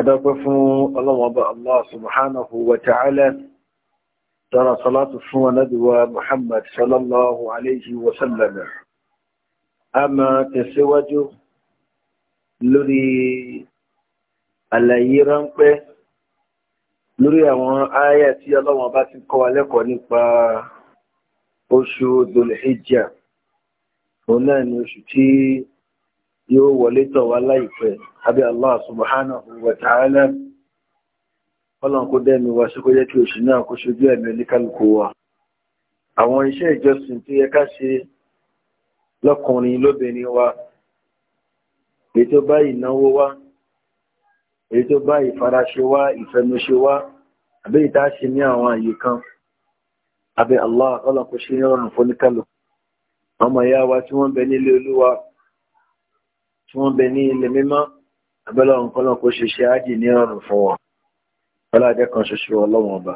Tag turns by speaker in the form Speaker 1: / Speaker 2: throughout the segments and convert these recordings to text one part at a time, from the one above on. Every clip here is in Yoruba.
Speaker 1: adápẹ́ fún ọlọ́wọ́ba Allah subhanahu wa ta'ala tara salatu fún anábíwa Muhammad sallallahu alayhi wa sallam a máa tẹ̀síwájú lórí àlàyé ránpẹ́ lórí àwọn ayà tí ọlọ́wọ́n ti kọ́ wa nípa oṣù Dhul òun náà ni oṣù tí yóò wọlé tọ̀ wá láìpẹ́ àbí Allah subhanahu wa ta'ala ọlọ́run kó dẹ́mi wá sí kó yẹ kí oṣù náà kó ṣojú ẹ̀mí oníkálukú wa àwọn iṣẹ́ ìjọsìn tó yẹ ká ṣe lọ́kùnrin lóbìnrin wa èyí tó bá ìnáwó wa èyí tó bá ìfaraṣe wa ìfẹnuṣe wa àbí ní àwọn àyè kan Allah ọlọ́run kó ṣe ní ọrùn fún ọmọ ìyá wa tí wọ́n bẹ nílé olúwa tí wọ́n bẹ ní ilẹ̀ mímọ́ abẹ́lẹ̀ ọ̀nkọ́ kó ṣe ṣe ájì ní ọ̀rùn fún wọn kan ṣoṣo ọlọ́wọ́n ọba.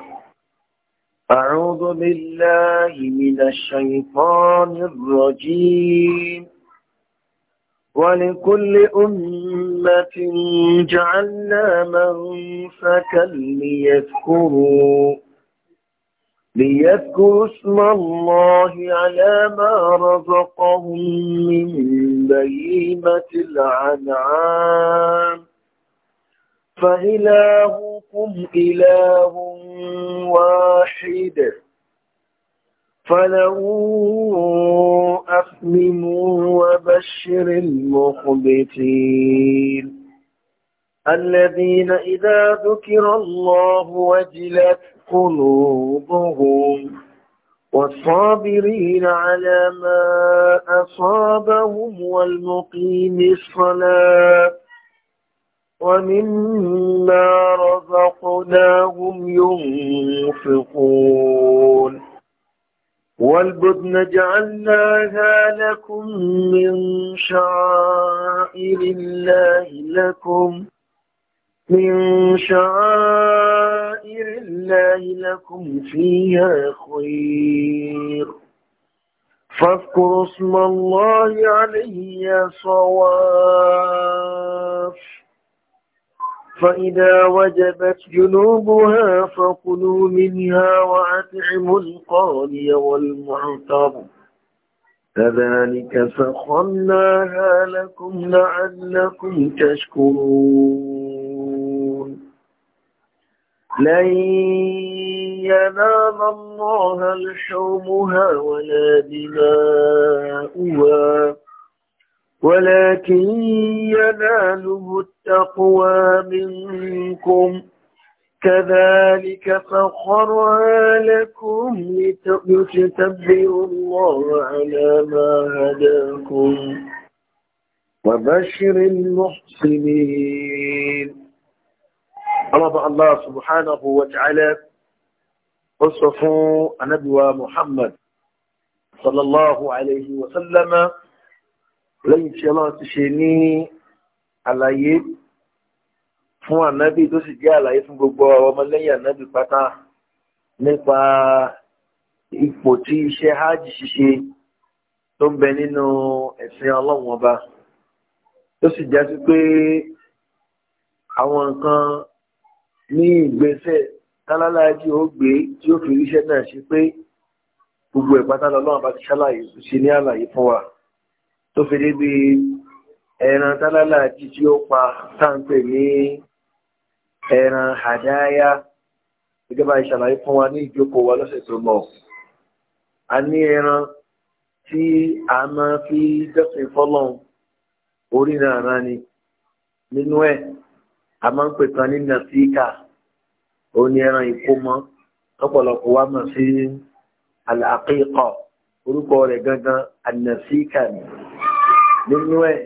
Speaker 1: أعوذ بالله من الشيطان الرجيم ولكل أمة جعلنا منسكا ليذكروا ليذكروا اسم الله على ما رزقهم من بهيمة الأنعام فإلهكم إله واحد فله أسلموا وبشر المخبتين الذين إذا ذكر الله وجلت قلوبهم والصابرين على ما أصابهم والمقيم الصلاة ومما رزقناهم ينفقون والبدن جعلناها لكم من شعائر الله لكم من شعائر شعائر الله لكم فيها خير فاذكروا اسم الله عليه يا صواف فإذا وجبت جنوبها فكلوا منها وأطعموا القاني والمعتر كذلك سخرناها لكم لعلكم تشكرون لن ينام الله لحومها ولا دماؤها ولكن يناله التقوى منكم كذلك فخرها لكم لتتبروا الله على ما هداكم وبشر المحسنين ọlọ́ba allah subhanahu wa ta'ala ó sọ fún anábìwa muhammad sallallahu alayhi wa sallama lẹ́yìn tí ọlọ́run ti ṣe ní àlàyé fún ànábì tó sì jẹ́ àlàyé fún gbogbo ọmọlẹ́yìn ànábì pátá nípa ipò tí iṣẹ́ hajj ṣíṣe tó ń bẹ nínú ẹ̀sìn ọlọ́run ọba tó sì já sí pé àwọn nǹkan ní ìgbésẹ̀ tálálàájì ó gbé tí ó fi ríṣẹ́ náà ṣe pé gbogbo ẹ̀ pátá lọ́wọ́ bá ti ṣàlàyé ṣe ní àlàyé fún wa tó fi débi ẹran tálálàájì tí ó pa táǹpẹ̀ ní ẹran àdáyá gẹ́gẹ́ bá ìṣàlàyé fún wa ní ìjókòó wa lọ́sẹ̀ tó mọ̀ a ní ẹran tí a máa fi dẹ́sìn fọ́lọ́n orí náà ni nínú ẹ̀ a máa ń pè kan ní nàfíkà ó ní ẹran ìkómọ lọ́pọ̀lọpọ̀ wa mọ̀ sí àkíkà orúkọ rẹ̀ gangan ànàfíkà ni nínú ẹ̀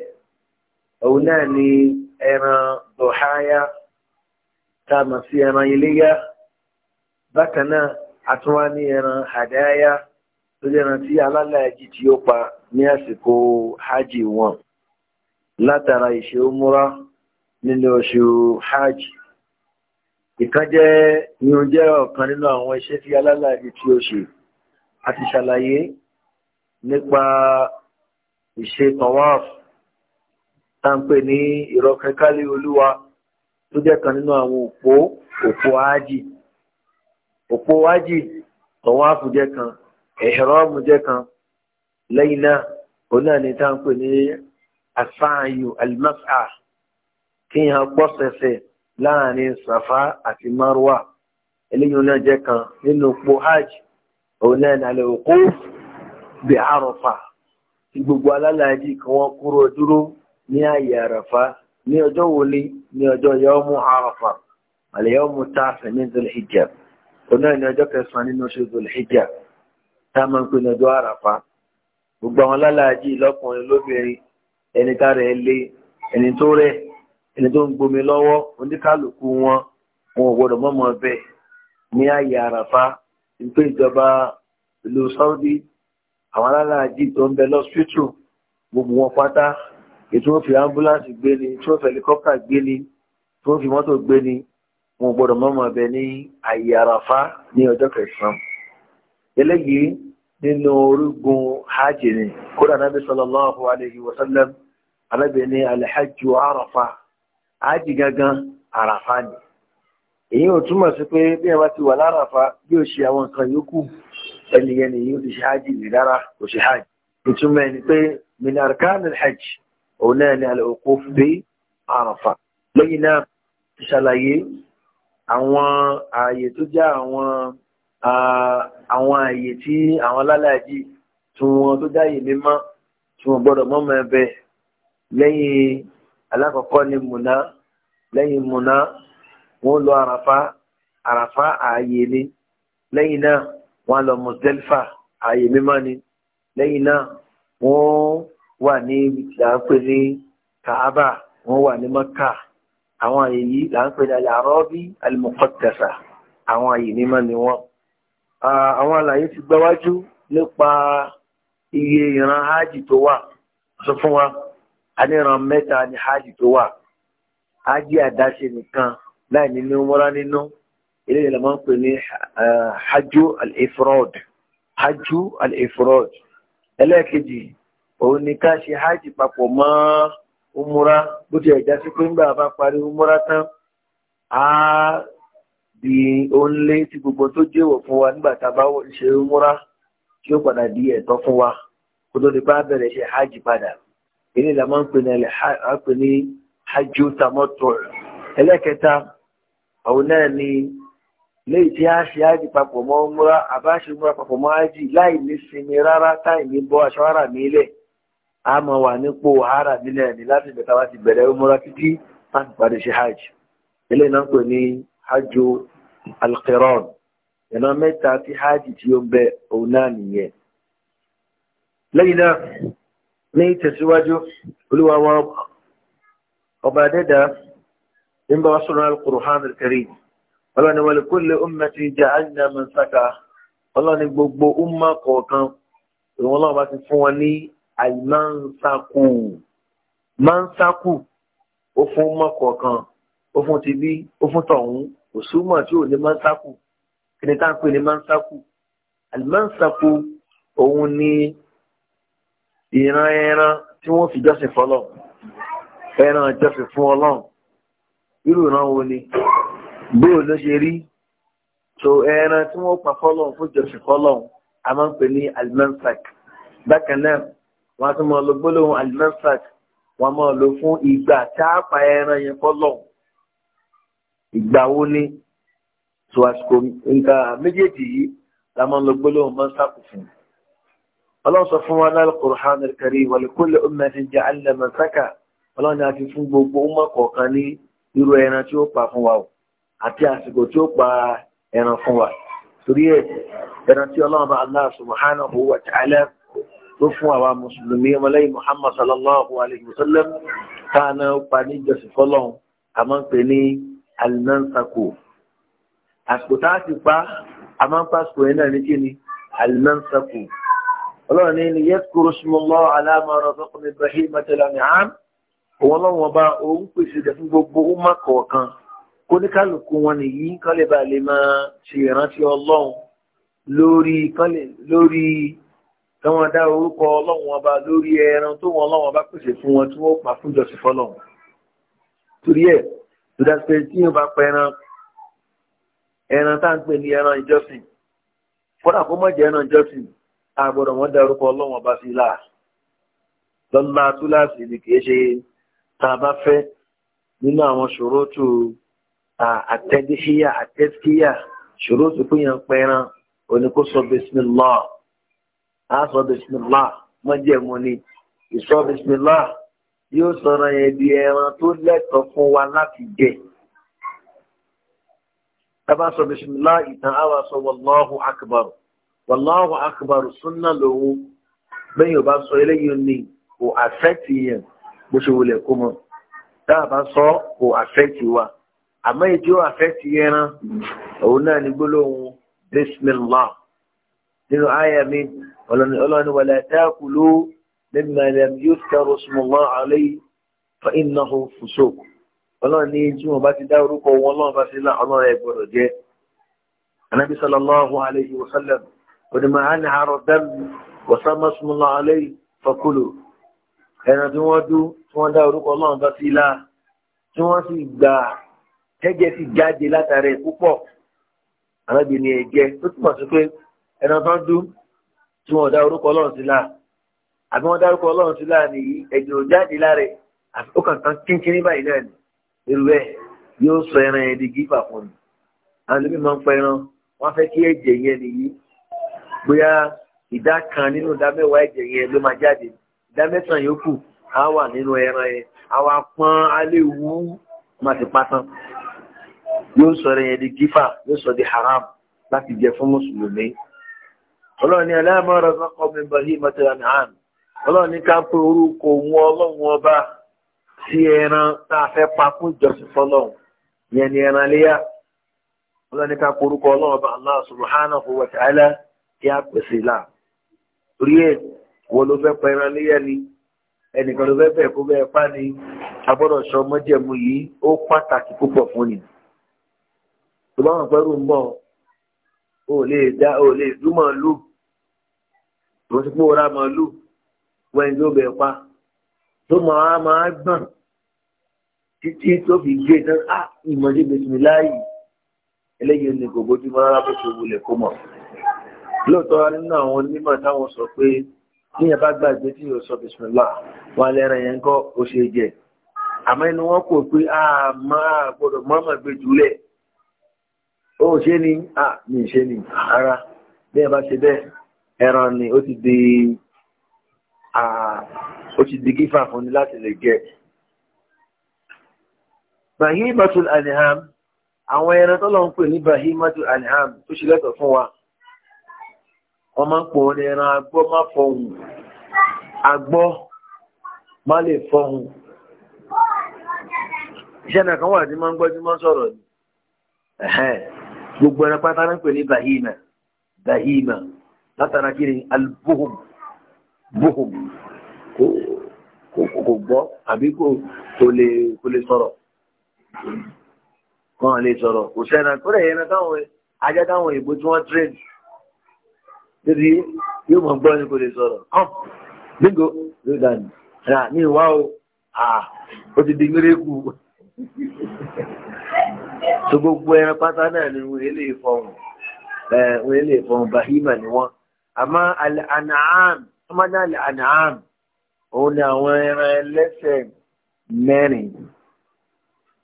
Speaker 1: òun náà ni ẹran dọ̀háyá tá a mọ̀ sí ẹran iléyá bákan náà àtúnwá ní ẹran àdáyá tó jẹ́ ẹran tí alálàájì tí ó pa ní àsìkò hajj wọn látara ìṣe nínú oṣù hajj ìkan jẹ́ ní o jẹ́ ọ̀kan nínú àwọn iṣẹ́ tí alálàájì tí ó ṣe a ti ṣàlàyé nípa ìṣe tawaf tá ń pè ní ìrọ̀kẹ́kálé olúwa tó jẹ́ kan nínú àwọn òpó òpó ájì òpó ájì tawaf jẹ́ kan ẹ̀hẹ́rọ́ọ̀mù jẹ́ kan lẹ́yìn náà òun náà ni tá ní asáàyù alimasa kíyàn gbọ́sẹ̀sẹ̀ láàrin Safa àti Marwa eléyìí náà jẹ́ kan nínú po hajj òun náà ní alẹ́ òkú bí Àràfà tí gbogbo alálàájì kí wọ́n kúrò dúró ní àyè Àràfà ní ọjọ́ wòlé ní ọjọ́ yọ́mú Àràfà àlẹ́yọ́mú tààfẹ́ ní Zulhijja òun náà ní ọjọ́ kẹsàn-án nínú oṣù Zulhijja táwọn ń pè ní ọjọ́ Àràfà gbogbo àwọn alálàájì lọ́kùnrin lóbìnrin ẹni tá rẹ̀ lé ẹni tó rẹ̀ ẹni tó ń gbomi lọ́wọ́ oníkálukú wọn wọn ò gbọ́dọ̀ mọ́mọ́ bẹ́ẹ̀ ní ààyè àràfá ìpé ìjọba ìlú Saudi àwọn alálàájì tó ń bẹ lọ́sítù gbogbo wọn pátá ètò wọn fi ambulance gbé ni tí wọn fi helicopter gbé ni tí wọn fi mọ́tò gbé ni wọn ò gbọ́dọ̀ mọ́mọ́ bẹ́ẹ̀ ní ààyè àràfá ní ọjọ́ kẹsàn-án eléyìí nínú orígun hajj ni kódà nàbí sallallahu alayhi wa sallam alábẹ́ni alhajj àràfá ájì gangan àràfà ni èyí ò túmọ̀ sí pé bí ẹ bá ti wà láràfà yóò ṣe àwọn nǹkan yòókù ẹnìyẹn ni yóò ti ṣe ájì ní rárá kò ṣe ájì ìtumọ̀ ẹni pé min arkan al-hajj òun náà ni al-wuquf bi àràfà lẹ́yìn náà ti ṣàlàyé àwọn ààyè tó jẹ́ àwọn ààyè tí àwọn lálàájì tí wọ́n tó jáyè mímọ́ tí wọ́n gbọ́dọ̀ mọ́mọ́ ẹbẹ̀ lẹ́yìn alákọ̀ọ́kọ́ ni mùnà lẹ́yìn múná wọ́n lọ àràfá àràfá ààyè ni lẹ́yìn náà wọ́n lọ mọ̀tẹ́lifà ààyè mímọ́ ni lẹ́yìn náà wọ́n wà ní ìdáǹpé ní kaaba wọ́n wà ní maka àwọn ààyè yìí là ń pè ní àrọ́bí alimọ̀kọ́tẹ̀sà àwọn ààyè mímọ́ ni wọ́n. àwọn àlàyé ti gbáwájú nípa iye ìran hajj tó wà sọ fún wa a ní ìran mẹ́ta ní hajj tó wà ájí àdáṣe nìkan láì nínú mọ́ra nínú eléyìí la máa ń pè ní hajj al-ifrod hajj al-ifrod ẹlẹ́ẹ̀kejì òun ni ká ṣe hajj papọ̀ mọ́ umura bó ti ẹ̀já sí pé nígbà bá parí umura tán á di òǹlé tí gbogbo tó jẹ́wọ̀ fún wa nígbà tá a bá ṣe umura tí ó padà di ẹ̀tọ́ fún wa kó tó di bá bẹ̀rẹ̀ ṣe hajj padà eléyìí la máa ń pè ní hajj tamattu ẹlẹ́kẹta òun náà ni léyìí tí a ṣe ájì papọ̀ mọ́ múra àbáṣe múra papọ̀ mọ́ ájì láì ní sinmi rárá táì ní bọ́ aṣọ ara mi lẹ̀ a mọ̀ wà nípò ara mi lẹ̀ ní láti bẹ̀ta wá ti bẹ̀rẹ̀ múra títí láti padà ṣe hajj eléyìí náà pè ní hajj alqiran ìran mẹ́ta tí hajj tí ó bẹ òun náà nìyẹn lẹ́yìn náà ní ìtẹ̀síwájú olúwa wọn ọba dẹ́dà ń bá wa sọ̀rọ̀ al-Qur'an al-Karim ọlọ́ni wa li kulli ummati ja'alna mansaka ọlọ́ni gbogbo umma kọ̀ọ̀kan ìwọ̀n ọlọ́run bá ti fún wọn ní àìmánsákù mánsákù ó fún umma kọ̀ọ̀kan ó fún ti bí ó fún tọ̀hún kò súnmọ̀ tí ò ní mánsákù kí ni táǹpé ní mánsákù àìmánsákù òun ni ìran ẹran tí wọ́n fi jọ́sìn fọlọ́run ẹran ìjọsìn fún ọlọ́run irú ìran wo ni bóò ló ṣe rí so ẹran tí wọ́n pa fọ́lọ́run fún ìjọsìn fọ́lọ́run a máa ń pè ní alimansak bákan náà wọ́n á tún máa lo gbólóhùn alimansak wọ́n máa lo fún ìgbà tá a pa ẹran yẹn fọ́lọ́run ìgbà wo ni so àsìkò nǹkan méjèèjì yìí la máa ń lo gbólóhùn mansak fún un. الله سبحانه وتعالى القرآن الكريم ولكل أمة جعلنا منسكا ọlọ́run ni a ti fún gbogbo ọmọ kọ̀ọ̀kan ní irú ẹran tí ó pa fún wa o àti àsìkò tí ó pa ẹran fún wa torí ẹ ẹran tí ọlọ́run bá Allah subhanahu wa ta'ala tó fún àwa mùsùlùmí ọmọlẹ́yìn Muhammad sallallahu alayhi wa sallam táànà ó pa ní ìjọsìn fọlọ́run a máa òun ọlọ́run ọba òun pèsè ìjà fún gbogbo ọmọ kọ̀ọ̀kan kó ní kálukú wọn nìyí kán lè ba lè máa ṣe ìrántí ọlọ́run lórí kán lè lórí kí wọ́n dá orúkọ ọlọ́run ọba lórí ẹran tó wọn ọlọ́run ọba pèsè fún wọn tí wọ́n pa fún ìjọsìn fọlọ́run torí ẹ̀ tó dá sí pé tí yóò bá pa ẹran ẹran tá à ń pè ní ẹran ìjọsìn kódà kó mọ̀ jẹ́ ẹran ìjọsìn àgbọ̀dọ̀ wọn dá orúkọ ọlọ́run ọba sí láà lọ́nà túláàsì ni kì í ṣe tá a bá fẹ́ nínú àwọn ṣòrótù àtẹ́díṣíyà àtẹ́síyà ṣòrótù fún yàn pẹ́ran oníkó sọ bisimilá a sọ bisimilá mọ́jẹ̀mú ni ìsọ bisimilá yóò sọ̀rọ̀ yẹn di ẹran tó lẹ́tọ̀ọ́ fún wa láti jẹ. Tábà sọ bisimilá ìtàn àwa sọ wàláhù akbar wàláhù akbar súnà lòun bẹ́ẹ̀ yóò bá sọ eléyìí ni kò àfẹ́ tìyàn bó ṣe wulẹ̀ kó mọ̀ tá a bá sọ kò àfẹ́tì wa àmọ́ èyí tí ó àfẹ́tì ẹran òun náà ní gbólóhùn bismillah nínú àyà mi ọlọ́ni wala ta'kulu mimma lam yuzkar ismullah alayhi fa innahu fusuq ọlọ́run ní tí wọ́n bá ti dá orúkọ wọn ọlọ́run bá ti lá ọlọ́run ẹ̀ gbọ́dọ̀ jẹ́ anábì sallallahu alayhi wa sallam onímọ̀ àná àrọ̀ dẹ́mu wọ́sán mọ́sánmọ́lá alayhi fakulu ẹran tí wọ́n dú tí wọ́n dá orúkọ ọlọ́run bá sí ilá tí wọ́n sì gbà ẹ̀jẹ̀ sì jáde látara ẹ̀ púpọ̀ arábìnrin ẹ̀jẹ̀ tó túmọ̀ sí pé ẹran tó ń dú tí wọ́n dá orúkọ ọlọ́run sí ilá àbí wọ́n dárúkọ ọlọ́run sí ilá nìyí ẹ̀jẹ̀ ò jáde lára ẹ̀ ó kàn kan kínkínní báyìí náà ni irú ẹ̀ yóò sọ ẹran yẹn di gífà fún mi àwọn ẹlòmíì máa ń pa ẹran wọ́n fẹ́ kí ẹ̀jẹ̀ yẹn nìyí bóyá ìdá kan nínú ìdá mẹ́wàá ẹ̀jẹ̀ yẹn ló máa jáde ìdá mẹ́sàn yòókù á wà nínú ẹran yẹn àwa pọ́n aléwu má ti pátán yóò sọ yẹn di gífà yóò sọ di haram láti jẹ fún mùsùlùmí ọlọ́run ní aláàmọ́ ọ̀rọ̀ sọ́kọ́ mi bọ̀ yìí mọ́tò àmì hàn ọlọ́run ní ká pé orúkọ òun ọlọ́run ọba sí ẹran tá a fẹ́ pa fún ìjọsìn fọlọ́run yẹn ni ẹran léyà ọlọ́run ká pé orúkọ ọlọ́run ọba Allah subhanahu wa ta'ala kí á pèsè là torí ẹ̀ wọ́n ló fẹ́ pẹran léyà ni ẹnìkan ló fẹ́ fẹ́ kó bẹ́ẹ̀ pa ni agbọ́dọ̀ sọ mọ́jẹ̀mú yìí ó pàtàkì púpọ̀ fún ni tó bá wọn pẹ́rù ń bọ̀ ó lè dá ó lè dú màálù tó ti pé ra màálù wẹ́n ló bẹ̀ pa tó máa máa gbọ̀n títí tó fi gbé tán á ìmọ̀jé bisimilayi eléyìí ni kò bójú mọ́ rárá bó ṣe wulẹ̀ kó mọ̀ lóòótọ́ nínú àwọn onímọ̀ táwọn sọ pé ní ẹ̀bá gbàgbé tí yóò sọ bisimilá wà lẹ́rìn yẹn kọ́ ó ṣe jẹ àmọ́ inú wọn kò pé a máa gbọdọ̀ mọ́mọ́ gbé jùlẹ̀ ó ṣe ni a mi ṣe ni ara bí ẹ bá ṣe bẹ́ẹ̀ ẹran ni ó ti di ó ti di gífà fún ni láti lè jẹ. bahimatul aniham àwọn ẹran tó lọ ń pè ní bahimatul aniham tó ṣe lẹ́tọ̀ fún wa. wọ́n máa ń pò ní ẹran agbọ́ má fọhùn agbọ́ má lè fọhùn iṣẹ́ náà kan wà ní gbogbo ẹran pátá nkwenye bahima bahima látara kí ni albuhum kò gbọ́ àbí kò lè sọ̀rọ̀ kan lè sọ̀rọ̀ kò débi yóò mọ̀ gbọ́ ní kò lè sọ̀rọ̀ kàn bíngò ló dànù rà ní ìwá o ó ti di mérekù tó gbogbo ẹran pátá náà ni wọn èlé ìfọhùn wọn èlé ìfọhùn bahima ni wọn àmọ́ àlàáhàm ọmọdé àlàáhàm òun ni àwọn ẹran ẹlẹ́sẹ̀ mẹ́rin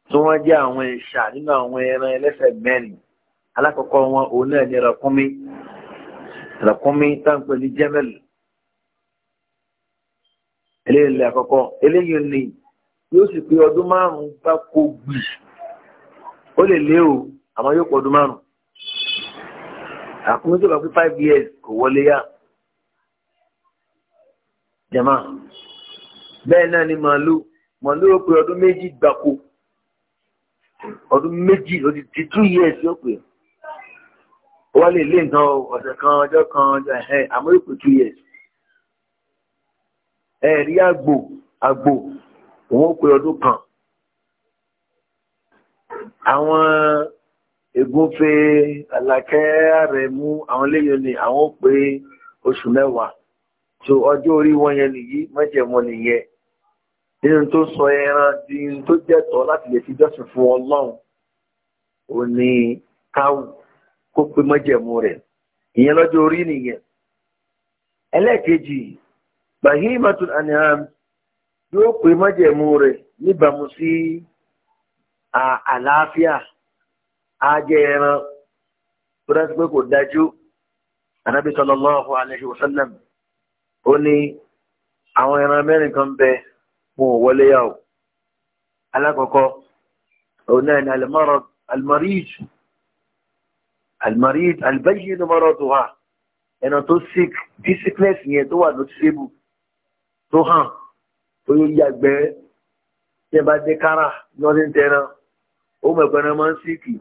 Speaker 1: tí wọ́n jẹ́ àwọn ẹ̀ṣà nínú àwọn ẹran ẹlẹ́sẹ̀ mẹ́rin alákọ̀ọ́kọ́ wọn òun náà ní kúnmí ràkúnmí táǹpẹ̀ ní jẹ́mẹ́lì eléyìí lè àkọ́kọ́ eléyìí ni yóò sì pé ọdún márùn-ún bá kó gbì ó lè lé o àmọ́ yóò pọ̀ ọdún márùn-ún àkúnmí tó bá pé five years kò wọlé yá jẹ̀má bẹ́ẹ̀ náà ni màálù màálù ó pé ọdún méjì gbáko ọdún méjì ó ti two years yóò pè é wọ́n lè lé nǹkan ọ̀sẹ̀ kan ọjọ́ kan ọjọ́ ẹ̀hẹ́n àmọ́ ìpè two years ẹ̀rí àgbò àgbò òun ó pe ọdún kan àwọn ègúnfe àlàkẹ́ àrẹ̀mú àwọn léyìn ni àwọn ó pe oṣù mẹ́wàá tó ọjọ́ orí wọn yẹn nìyí mọ́jẹ̀mọ́ nìyẹn nínú tó sọ ẹran di tó jẹ́tọ̀ọ́ láti lè fi jọ́sìn fún ọlọ́run ò káwù kó pé mọ́jẹ̀mú rẹ̀ ìyẹn lọ́jọ́ orí nìyẹn ẹlẹ́ẹ̀kejì bahimatul anam yóò pé mọ́jẹ̀mú rẹ̀ níbàámu sí àlàáfíà ajẹ ẹran tó dájú pé kò dájú anabi sallallahu alayhi wa sallam ó ní àwọn ẹran mẹ́rin kan bẹ wọn ò wọlé yà alákọ̀ọ́kọ́ òun náà ní alimọ́rọ̀ alimọ́ríjù almarid albayin maraduha ẹ̀nà tó sick bí sickness yẹn tó wà noticeable tó hàn tó yóò yàgbẹ́ tí ẹ bá dé kára ní ọdún tẹ́ran ó mọ̀ ẹ̀gbẹ́rẹ́ máa ń síkì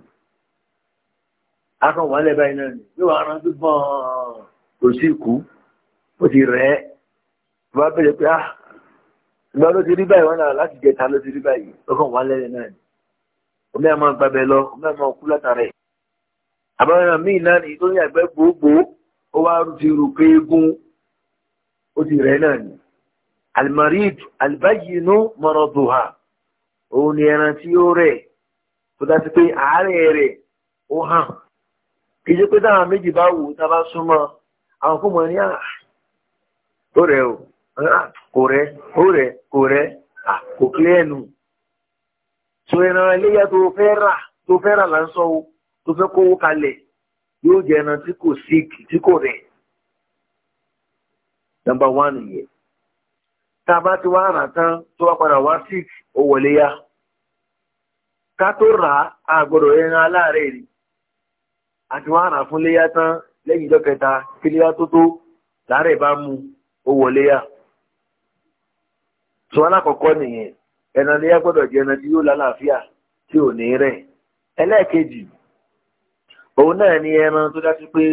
Speaker 1: akọ̀ wálẹ̀ báyìí náà ni yóò wá rántí bọ́ọ̀n kò sí ìkú ó ti rẹ̀ ẹ́ bá bẹ̀rẹ̀ pé ah ìgbà ló ti rí báyìí wọn náà ah, láti jẹta ló ti rí báyìí ọkọ̀ wálẹ̀ náà ni omi àmọ́ gbàbẹ̀ lọ omi àmọ́ kú látara ẹ̀ àbáwọn míì náà ní tó ní àgbẹ̀ gbogbo ó wá ti rò pé egun ó ti rẹ̀ náà ni almarid albayinu maraduha òun ni ẹran tí ó rẹ̀ tó dájú pé àárẹ̀ rẹ̀ ó hàn kì í ṣe pé táwọn méjì bá wò tá a bá súnmọ́ àwọn fún mọ ní à ah, ó rẹ̀ o ah, kò rẹ̀ ó rẹ̀ kò rẹ̀ ah, kò kílẹ̀ ẹnu so ẹran iléyà tó fẹ́ rà tó fẹ́ rà là ń tó fẹ́ kówó kalẹ̀ yóò jẹ ẹran tí kò sick tí kò rẹ̀ nọmba wán nìyẹn tá a bá ti wá rà tán tó wá padà wá sick ó wọlé yá ká tó rà á àgbọ̀dọ̀ ẹran aláàárẹ̀ rí àti wá rà fún léyà tán lẹ́yìn ìjọ kẹta kí léyà tó tó láàárẹ̀ bá mu ó wọlé yá alákọ̀ọ́kọ́ nìyẹn ẹran òun náà ni ẹran tó dájú pé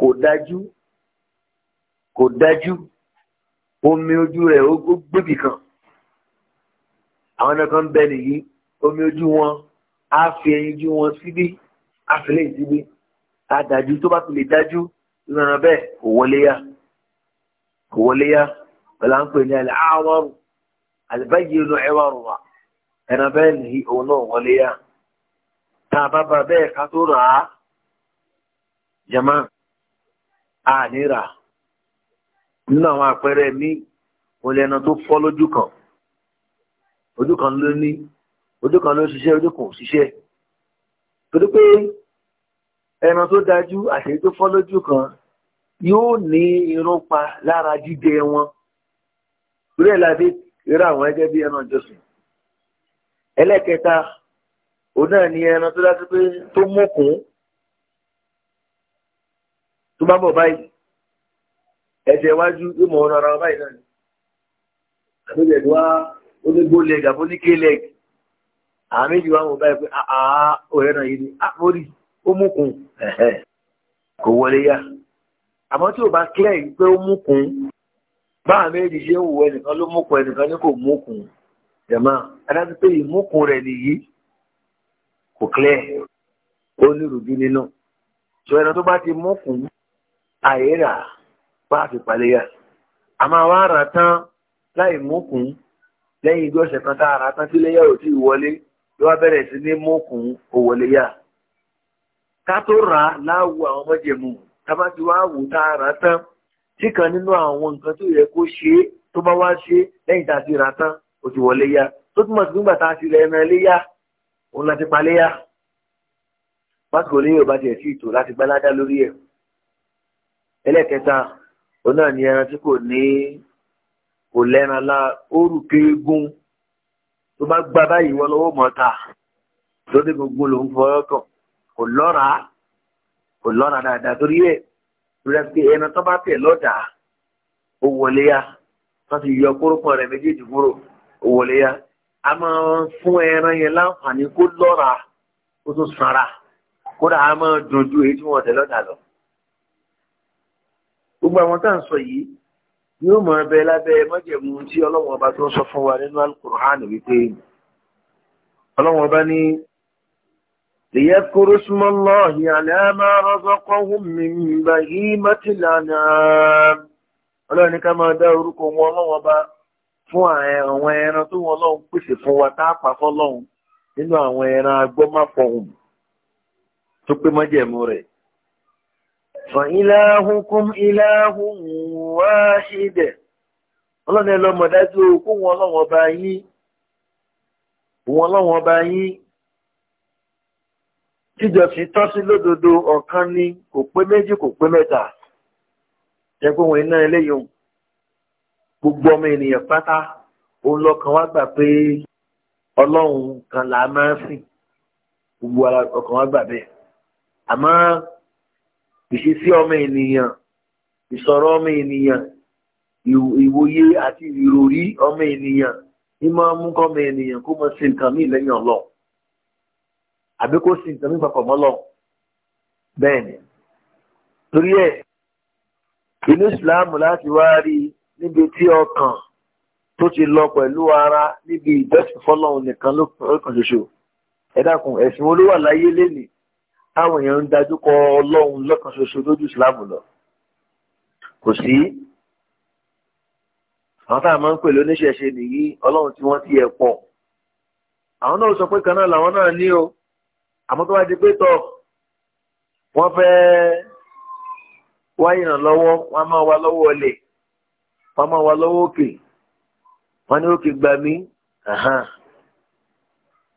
Speaker 1: kò dájú kò dájú omi ojú rẹ̀ ó gbébì kan àwọn ẹran kan bẹ nìyí omi ojú wọn á fi ẹyin ju wọn síbí á fi lè síbí á dájú tó bá fi lè dájú ìrànràn bẹ́ẹ̀ kò wọlé yá kò wọlé yá pẹ̀lú à ń pè ní àlẹ́ àwárù àlẹ́ ló ẹwà rù ẹran bẹ́ẹ̀ nìyí òun náà wọlé yá tá a bá ba bẹ́ẹ̀ ká tó rà á jama a ní rà nínú àwọn àpẹẹrẹ ní olè ẹran tó fọ́ lójú kan ojú kan ló ní ojú kan ló ṣiṣẹ́ ojú kan ò ṣiṣẹ́ torí pé ẹran tó dájú àṣẹ tó fọ́ lójú kan yóò ní irun pa lára jíjẹ wọn torí ẹ̀ la fi ra àwọn ẹgẹ́ bí ẹran ìjọsìn ẹlẹ́kẹta òun náà ni ẹran tó dájú pé tó mọ̀kún tó bá bọ̀ báyìí ẹsẹ̀ iwájú yóò mọ̀ ọ́nà ara wọn báyìí náà ni àbẹ̀jẹ̀ ni wá onígbó leg àbóníké leg àmì ìwà wọn báyìí pé àá ah, òun ah, náà yìí ni àmórí ah, ó mọ̀kún kò wọlé yá àmọ́ tí o bá clear yìí pé ó mú kún báà méjì ṣe ń wù ẹnìkan ló mú ẹnìkan ní kò mú jẹ̀mọ́ adájọ́ pé ìmúkún rẹ̀ nìyí kò clear ó nírújú nínú sọ ẹran tó bá ti mú kùn àìrà bá fi paléyà a máa wá rà tán láì mú kùn lẹ́yìn ibi ọ̀sẹ̀ kan tá a rà tán tí léyà ò tí ì wọlé ló wá bẹ̀rẹ̀ sí ní mú kùn ò wọlé yà ká tó rà láwo àwọn ọmọdéjẹmú tá bá ti wá wò tá a tán tí kan nínú àwọn nǹkan tó yẹ kó ṣe tó bá wá ṣe lẹ́yìn tá a ti rà tán ó ti wọlé yá tó túmọ̀ sí nígbà tá a ti rẹ̀ ẹran ẹlẹ́yà òun láti paléyà pásítọ̀ olóyè ọba tiẹ̀ sí ìtò láti gbáládá lórí ẹ̀ ẹlẹ́kẹta òun náà ní ẹran tí kò ní kò lẹ́ran lá òrù kéégún tó bá gba báyìí wọ́n lọ́wọ́ mọ́ ta lóde gbogbo lòún fọwọ́ kàn kò lọ́ra kò lọ́ra dáadáa torí ẹ̀ rẹ̀ pé ẹran tó bá tẹ̀ lọ́dàá ó wọlé ya wọ́n ti yọ kórópọ̀ rẹ̀ méjèèjì kúrò ó wọlé ya a máa fún ẹran yẹn láǹfààní kó lọ́ra kó tó sanra kódà a máa dùn ju èyí tí wọ́n tẹ̀ lọ́dà lọ. gbogbo àwọn tá à ń sọ yìí yóò mọ ẹbẹ lábẹ́ májẹ̀mú tí ọlọ́wọ́n ọba tó ń sọ fún wa nínú alukur'an wípé ọlọ́wọ́n ọba ní ليذكروا اسم الله على ما رزقهم من بهيمة الأنعام ọlọ́run ní ká máa dá orúkọ wọn ọlọ́wọ́n bá fún àwọn ẹran tó wọn lọ́hùn pèsè fún wa tá a pa fọ́lọ́hùn nínú àwọn ẹran agbọ́máfọ̀hùn tó pé mọ́jẹ̀mú rẹ̀. فإلهكم إله واحد ọlọ́nà ẹlọ́mọ dájú okú wọn lọ́wọ́ bá wọn lọ́wọ́ bá tọ́ sí lódodo ọ̀kan ni kò pé méjì kò pé mẹ́ta wọn iná gbogbo ọmọ ènìyàn pátá òun lọ́kàn wá gbà pé ọlọ́run kan là á máa ń sìn gbogbo ọkàn wá gbà bẹ́ẹ̀ àmọ́ ìṣesí ọmọ ènìyàn ìsọ̀rọ̀ ọmọ ènìyàn ìwòye àti ìròrí ọmọ ènìyàn ní máa mú kọ́mọ ènìyàn kó máa ṣe nǹkan míì lẹ́yìn ọlọ́run àbí kó ṣe nǹkan míì papọ̀ mọ́lọ́run bẹ́ẹ̀ ni torí ẹ̀ inú ìsìláàmù láti wá rí i níbi tí ọkàn tó ti lọ pẹ̀lú ara níbi ìjọsìn fọlọ́run nìkan ló kàn ṣoṣo ẹ dákun ẹ̀sìn wo ló wà láyé lénìí táwọn èèyàn ń dájú kọ ọlọ́run lọ́kàn ṣoṣo lójú ìsìlámù lọ kò sí àwọn táwọn máa ń pè lóníṣẹ̀ṣe nìyí ọlọ́run tí wọ́n ti yẹ pọ̀ àwọn náà sọ pé kan náà làwọn náà ní o àmọ́ tó bá di pé tọ̀ wọ́n fẹ́ wá ìrànlọ́wọ́ wọ́n á máa wá lọ́wọ́ ọlẹ̀ pamọ́ wa lọ́wọ́ òkè wọ́n ní òkè gbà mí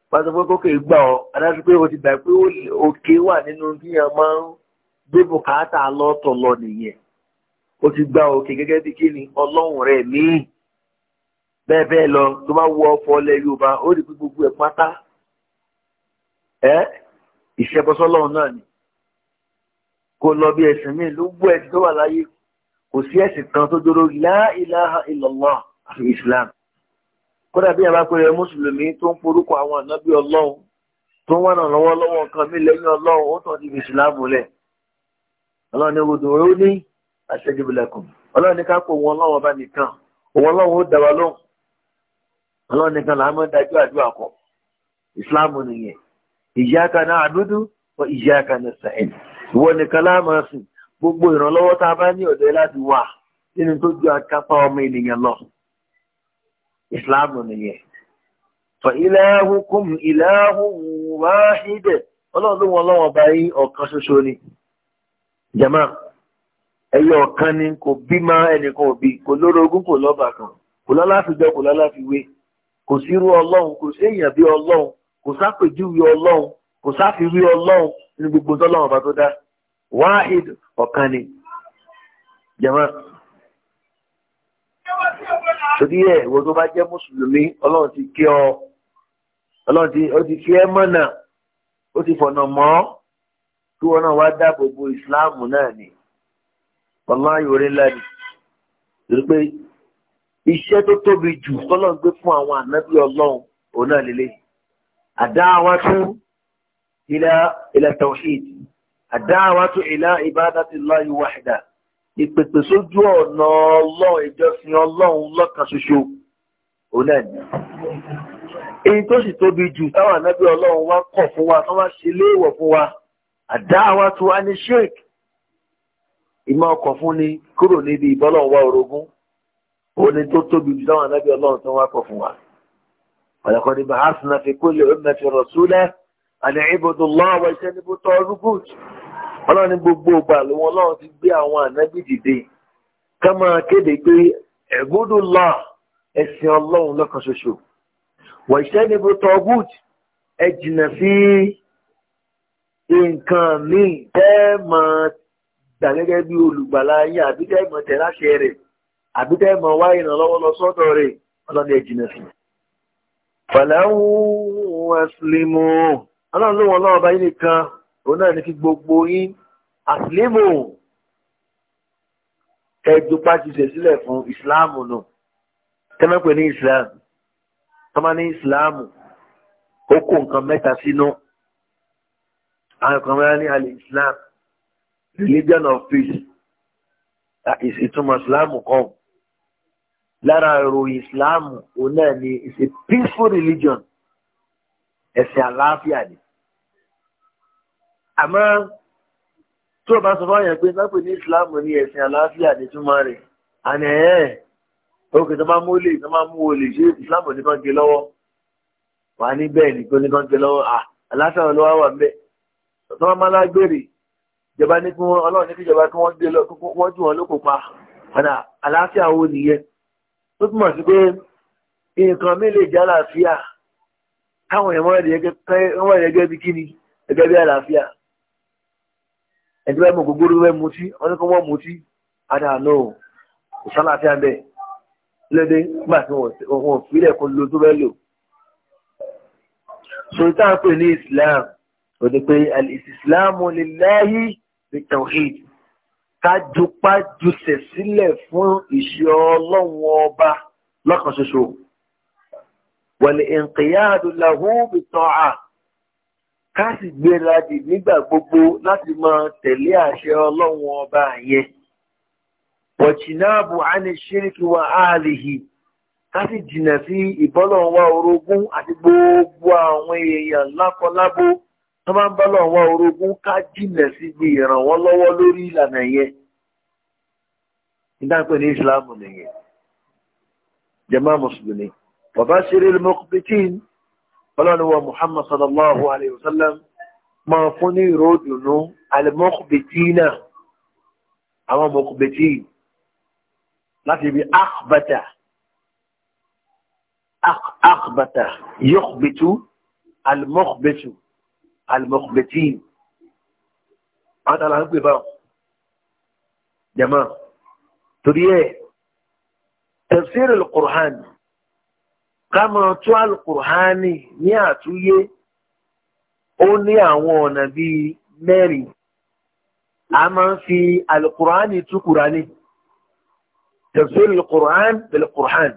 Speaker 1: pàṣẹ pé kókè gbà ọ́ adájú pé o ti gbà pé òkè wà nínú bí yẹn máa ń gbé bùkátà lọ́tọ̀ lọ nìyẹn o ti gbà òkè gẹ́gẹ́ bí kíni ọlọ́run rẹ̀ míì bẹ́ẹ̀ bẹ́ẹ̀ lọ tó bá wọ ọ̀fọ̀ ọlẹ́ yorùbá ó rí gbogbo ẹ̀ pátá ẹ́ ìṣẹ́bọsọ́lọ́run náà ni kò lọ bí ẹ̀sìn míì ló gbọ́ ẹ̀sìn tó wà láyé kò sí ẹ̀sìn kan tó dúró la ilaha illallah àfi islam kódà bí yàrá péré mùsùlùmí tó ń porúkọ àwọn ànábì ọlọ́run tó ń wánà lọ́wọ́lọ́wọ́ kan mí lẹ́yìn ọlọ́run ó tàn ti fi islam lẹ̀ ọlọ́run ní odò ó ní astajib lakum ọlọ́run ní ká pò wọn lọ́wọ́ bá nìkan òun ọlọ́run ó dá lóhùn ọlọ́run nìkan làá mọ́ dájú àdúrà kọ islam nìyẹn iyyaka na'budu wa iyyaka nasta'in ìwọ nìkan láàmú gbogbo ìrànlọ́wọ́ tá a bá ní ọ̀dọ́ láti wà nínú tó ju akápá ọmọ ènìyàn lọ islam nìyẹn fa ilahukum ilahun wahide ọlọ́run ló wọn lọ́wọ́ bá yín ọ̀kan ṣoṣo ni jama ẹyọ ọ̀kan ni kò bímọ ẹnìkan òbí kò lórogún kò lọ́ba kan kò lọ́láfijọ́ kò lọ́láfiwé kò sírú ọlọ́run kò séèyàn bí ọlọ́run kò sápèjúwe ọlọ́run kò sáfiwé ọlọ́run nínú gbogbo tọ́lọ́run ọba tó dá wahid ọ̀kan ni jama torí ẹ̀ ìwọ tó bá jẹ́ mùsùlùmí ọlọ́run ti kí ọ ọlọ́run ti ó ti kí ẹ mọ̀nà ó ti fọ̀nà mọ́ kí wọn náà wá dáàbò bo ìsìláàmù náà ni wàláhì orí ńlá ni torí pé iṣẹ́ tó tóbi jù tọ́lọ́run gbé fún àwọn ànábì ọlọ́run òun náà lélẹ́yìn àdáwà tún ila ila àdáwàtò ìlà ìbádátìláyì wàhídà ìpèpè sójú ọ̀nà ọlọ́run ìjọsìn ọlọ́run lọ́kan ṣoṣo òun ẹ̀mí. èyí tó sì tóbi jù táwọn ànábì ọlọ́run wá kọ̀ fún wa tó wá ṣe léèwọ̀ fún wa àdáwàtò anishek ìmọ̀ ọkọ̀ fún ni kúrò níbi ìbọ́lọ̀ wa orogún òun ni tó tóbi jù táwọn ànábì ọlọ́run tó wá kọ̀ fún wa. ọ̀lẹ́kọ̀ọ́ ni bàhásùn náà fi kó lè ọ̀mẹ́fẹ́ rọ̀ ọlọ́run ní gbogbo ìgbà lòun ọlọ́run ti gbé àwọn ànábì dìde ká máa kéde pé ẹ̀gbọ́dọ̀ là ẹ̀sìn ọlọ́run lọ́kan ṣoṣo wọ̀ṣẹ́ ní bó tọ́gùt ẹ jìnnà sí nǹkan míì tẹ́ máa gbà gẹ́gẹ́ bí olùgbàlà yín àbí tẹ́ máa tẹ̀ láṣẹ rẹ̀ àbí tẹ́ máa wá ìrànlọ́wọ́ lọ sọ́dọ̀ rẹ̀ ọlọ́run ẹ jìnnà sí. fàlàwù wàsílímù ọlọ́run ló wọn náà yín nìkan òun náà ní kí gbogbo yín àtìlẹ́mù ẹ̀dùpá ti ṣe sílẹ̀ fún ìsìláàmù náà tẹ́mẹ́pẹ́ ní ìsìláàmù tọ́mọ́ ní ìsìláàmù ó kó nǹkan mẹ́ta sínú àwọn kan mẹ́ta ní alẹ́ islam religion of peace ìtumọ̀ islam kan lára ìròyìn islam òun náà ni it's a peaceful religion ẹ̀sìn àlàáfíà ni àmọ́ tí o bá sọ fáwọn yẹn pé sápè ní ìsìláàmù ní ẹ̀sìn àlàáfíà ní túmọ̀ rẹ̀ àní ẹ̀ òkè tó máa mú olè tó máa mú olè ṣe ìsìláàmù ní kan gé lọ́wọ́ wà á ní bẹ́ẹ̀ ní pé ní kan gé lọ́wọ́ àlàáfíà wọn ló wá wà ń bẹ̀ tó máa máa lágbèrè ìjọba ní kí wọn ọlọ́run ní kí ìjọba kí wọ́n gbé lọ wọ́n jù wọn lóko pa padà àlàáfíà wo nìyẹn tó túmọ̀ sí pé nǹkan mi lè jẹ́ àlàáfíà káwọn èèyàn wọ́n rẹ̀ gẹ́gẹ́ bí kíni gẹ́gẹ́ bí àlàáfíà ẹni bẹ́ẹ̀ mọ gbogbo bẹ́ẹ̀ mutí wọn ní kó wọ́n mutí adáàánú kò sálàáfíà bẹ́ẹ̀ lédè nígbà tí wọn ò fílẹ̀ lo tó bẹ́ẹ̀ lò. sultan pè ní islam ó ní pé alìsìsìlámù lillahi bi tawhid ká jupá jusẹ̀ fún ìṣe ọlọ́run ọba lọ́kàn ṣoṣo wal inqiyadu lahu bi ta'ah. ká sì gbéradì nígbà gbogbo láti máa tẹ̀lé àṣẹ ọlọ́run ọba yẹn ọchị na ṣíríkì wa áàlìhì ká sì jìnà sí ìbọ́lọ̀wọ́ orogún àti gbogbo àwọn èèyàn lákọlábó tó máa ń bọ́lọ̀wọ́ orogún ká jìnà sí ibi ìrànwọ́ lọ́wọ́ lórí ìlànà yẹn ìdáǹpẹ̀ ní ìsìláàmù nìyẹn mùsùlùmí bàbá ọlọ́niwọ̀ muhammad sallallahu alayhi wa sallam máa fún ní ìró dùnú alimọ́kùbẹ̀tìnà àwọn mọ̀kùbẹ̀tì láti ibi akbata akbata yọkùbẹ̀tù alimọ́kùbẹ̀tù alimọ́kùbẹ̀tì àtàlà ń pè báwọn jama torí ẹ tafsir al ká máa tú alukurhani ní àtúnyé ó ní àwọn ọ̀nà bíi mẹ́rin a máa ń fi alukurhani tú kurani tafsir alukurhan bilkurhan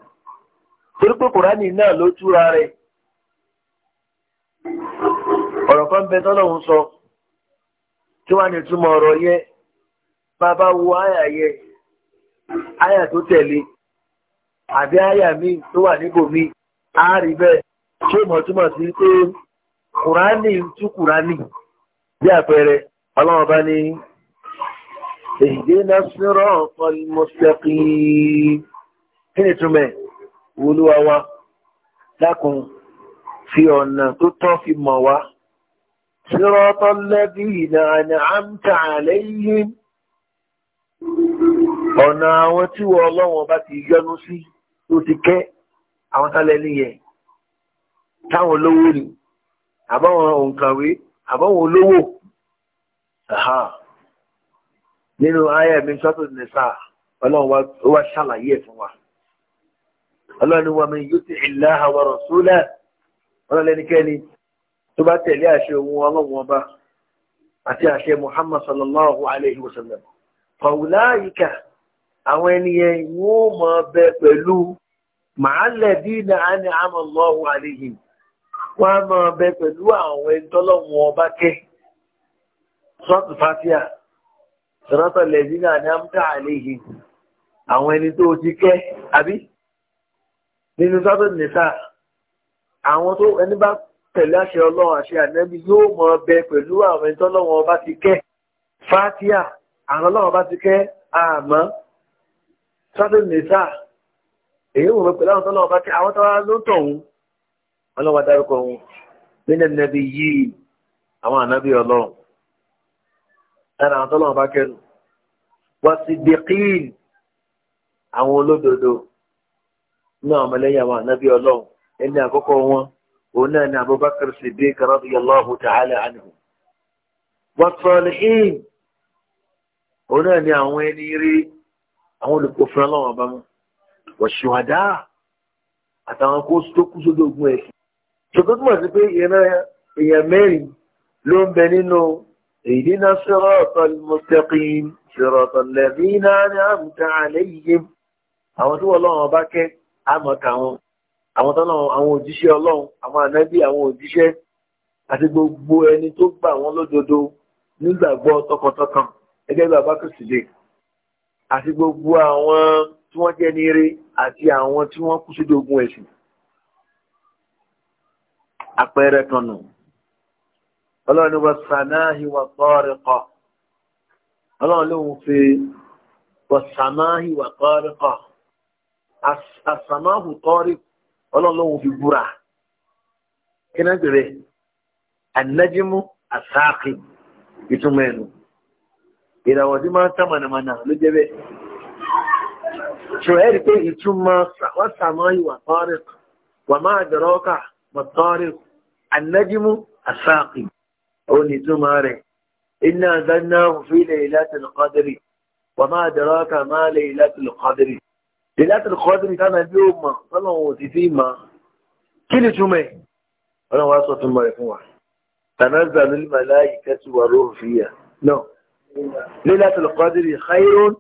Speaker 1: torí pé kurani náà ló túra rẹ̀ ọ̀rọ̀ kan bẹ tọ́lọ́hún sọ tí wàá ní túmọ̀ ọ̀rọ̀ yẹ bàbá wo àyà yẹ àyà tó tẹ̀lé àbí àyà míì tó wà níbòmíì. a rí bẹ́ẹ̀ ṣé mọ̀ túmọ̀ sí pé kùránì tú kùránì bí àpẹẹrẹ ọlọ́run bá ní ìdènà sírọ̀ ọ̀pọ̀lọpọ̀lọpọ̀ kí ni túmẹ̀ olúwa dákun fi ọ̀nà tó tọ́ fi mọ̀ wá sírọ̀ ọ̀pọ̀lọpọ̀ ìlànà àmta àlẹ́yìn ọ̀nà àwọn tí wọ́n bá ti sí ti kẹ́ àwọn tálẹ̀ níyẹ táwọn olówó ni àbáwọn òǹkàwé àbáwọn olówó aha nínú ayé mi sọ́tò nìsà ọlọ́run wá ṣàlàyé ẹ̀ fún wa ọlọ́run wa mi yóò ti ìlà àwọn rọ̀súlẹ̀ ọlọ́lẹ́nikẹ́ni tó bá tẹ̀lé àṣẹ òun ọlọ́run ọba àti àṣẹ muhammad sallallahu alayhi wa sallam fàwùláyìíkà àwọn ẹniyẹn wọ́n máa bẹ pẹ̀lú màálẹ̀bí na a ní àmọ̀ lọ́wọ́ àríyì wọ́n a máa bẹ pẹ̀lú àwọn ẹ̀ntọ́lọ́wọ́ ọba kẹ́ sọ́tù fatia sọ́tọ̀ lẹ̀bí na ní àmúta àríyì àwọn ẹni tó ti kẹ́ àbí nínú sọ́tù nìta àwọn tó ẹni bá pẹ̀lú àṣẹ ọlọ́run àṣẹ ànẹ́bí yóò máa bẹ pẹ̀lú àwọn ẹ̀ntọ́lọ́wọ́ ọba ti kẹ́ fatia àwọn ọlọ́run ọba ti kẹ́ àmọ́ sọ́tù nìta èyí wò ó pẹ̀lú àwọn tọ́lọ́ ọba tí àwọn tọ́wá ló tọ̀ òun ọlọ́wà dárúkọ òun nínú ẹ̀nẹ́bí yìí àwọn ànábì ọlọ́run lára àwọn tọ́lọ́ ọba kẹnu wọ́n ti di kíìn àwọn olódodo ní àwọn ọmọlẹ́yìn àwọn ànábì ọlọ́run ẹni àkọ́kọ́ wọn òun náà ni Abubakar Siddiq radiyallahu ta'ala anhu wọ́n sọ̀rọ̀ òun náà ni àwọn ẹni rí àwọn fún ọlọ́run ọba mọ́. wọ̀ṣùwádà àtàwọn kó tó kú sódò ogun ẹ̀sìn. ṣòkó túmọ̀ sí pé èèyàn mẹ́rin ló ń bẹ nínú ìdínà sọ́rọ̀tọ̀ mustaqim sọ́rọ̀tọ̀ lẹ́bínà ní àmúta àlẹ́yìí àwọn tí wọ́n lọ́wọ́ bá kẹ́ àmọ̀ta wọn àwọn tọ́lọ́ àwọn òjíṣẹ́ ọlọ́run àwọn ànábì àwọn òjíṣẹ́ àti gbogbo ẹni tó gbà wọ́n lódodo nígbàgbọ́ tọkàntọkàn gẹ́gẹ́ bí abákùsílẹ̀ àti gbogbo àwọn tí wọ́n jẹ́ ní eré àti àwọn tí wọ́n kú sójú ogun ẹ̀sìn àpẹẹrẹ kan nù ọlọ́run wa sàmáhì wa tọ́rẹ̀kọ́ ọlọ́run lóhun fi wa sàmáhì wa tọ́rẹ̀kọ́ àsàmáhù tọ́rẹ̀ ọlọ́run lóhun fi búra kí náà gbèrè ànájímú àsáàkì ìtumọ̀ ẹnu ìràwọ̀ tí máa ń tàmànàmànà ló jẹ́ bẹ́ẹ̀ ṣò ẹ́ rí pé ìtumọ̀ wọ́n sàmọ́ ìwà tọ́rẹ̀ wà máa dọ̀rọ̀ ọkà wà tọ́rẹ̀ anájímú àsáàkì òun ìtumọ̀ rẹ̀ iná zanna fi laylatil qadri wà máa dọ̀rọ̀ ọkà máa laylatil qadri laylatil qadri tánà bí ó mọ̀ tọ́nà òun ti fi mọ̀ kí ni túmọ̀ ẹ̀ ọlọ́run wá sọ túmọ̀ rẹ̀ fún wa tanazzalul malaikatu waruhu fiha náà laylatil qadri khayrun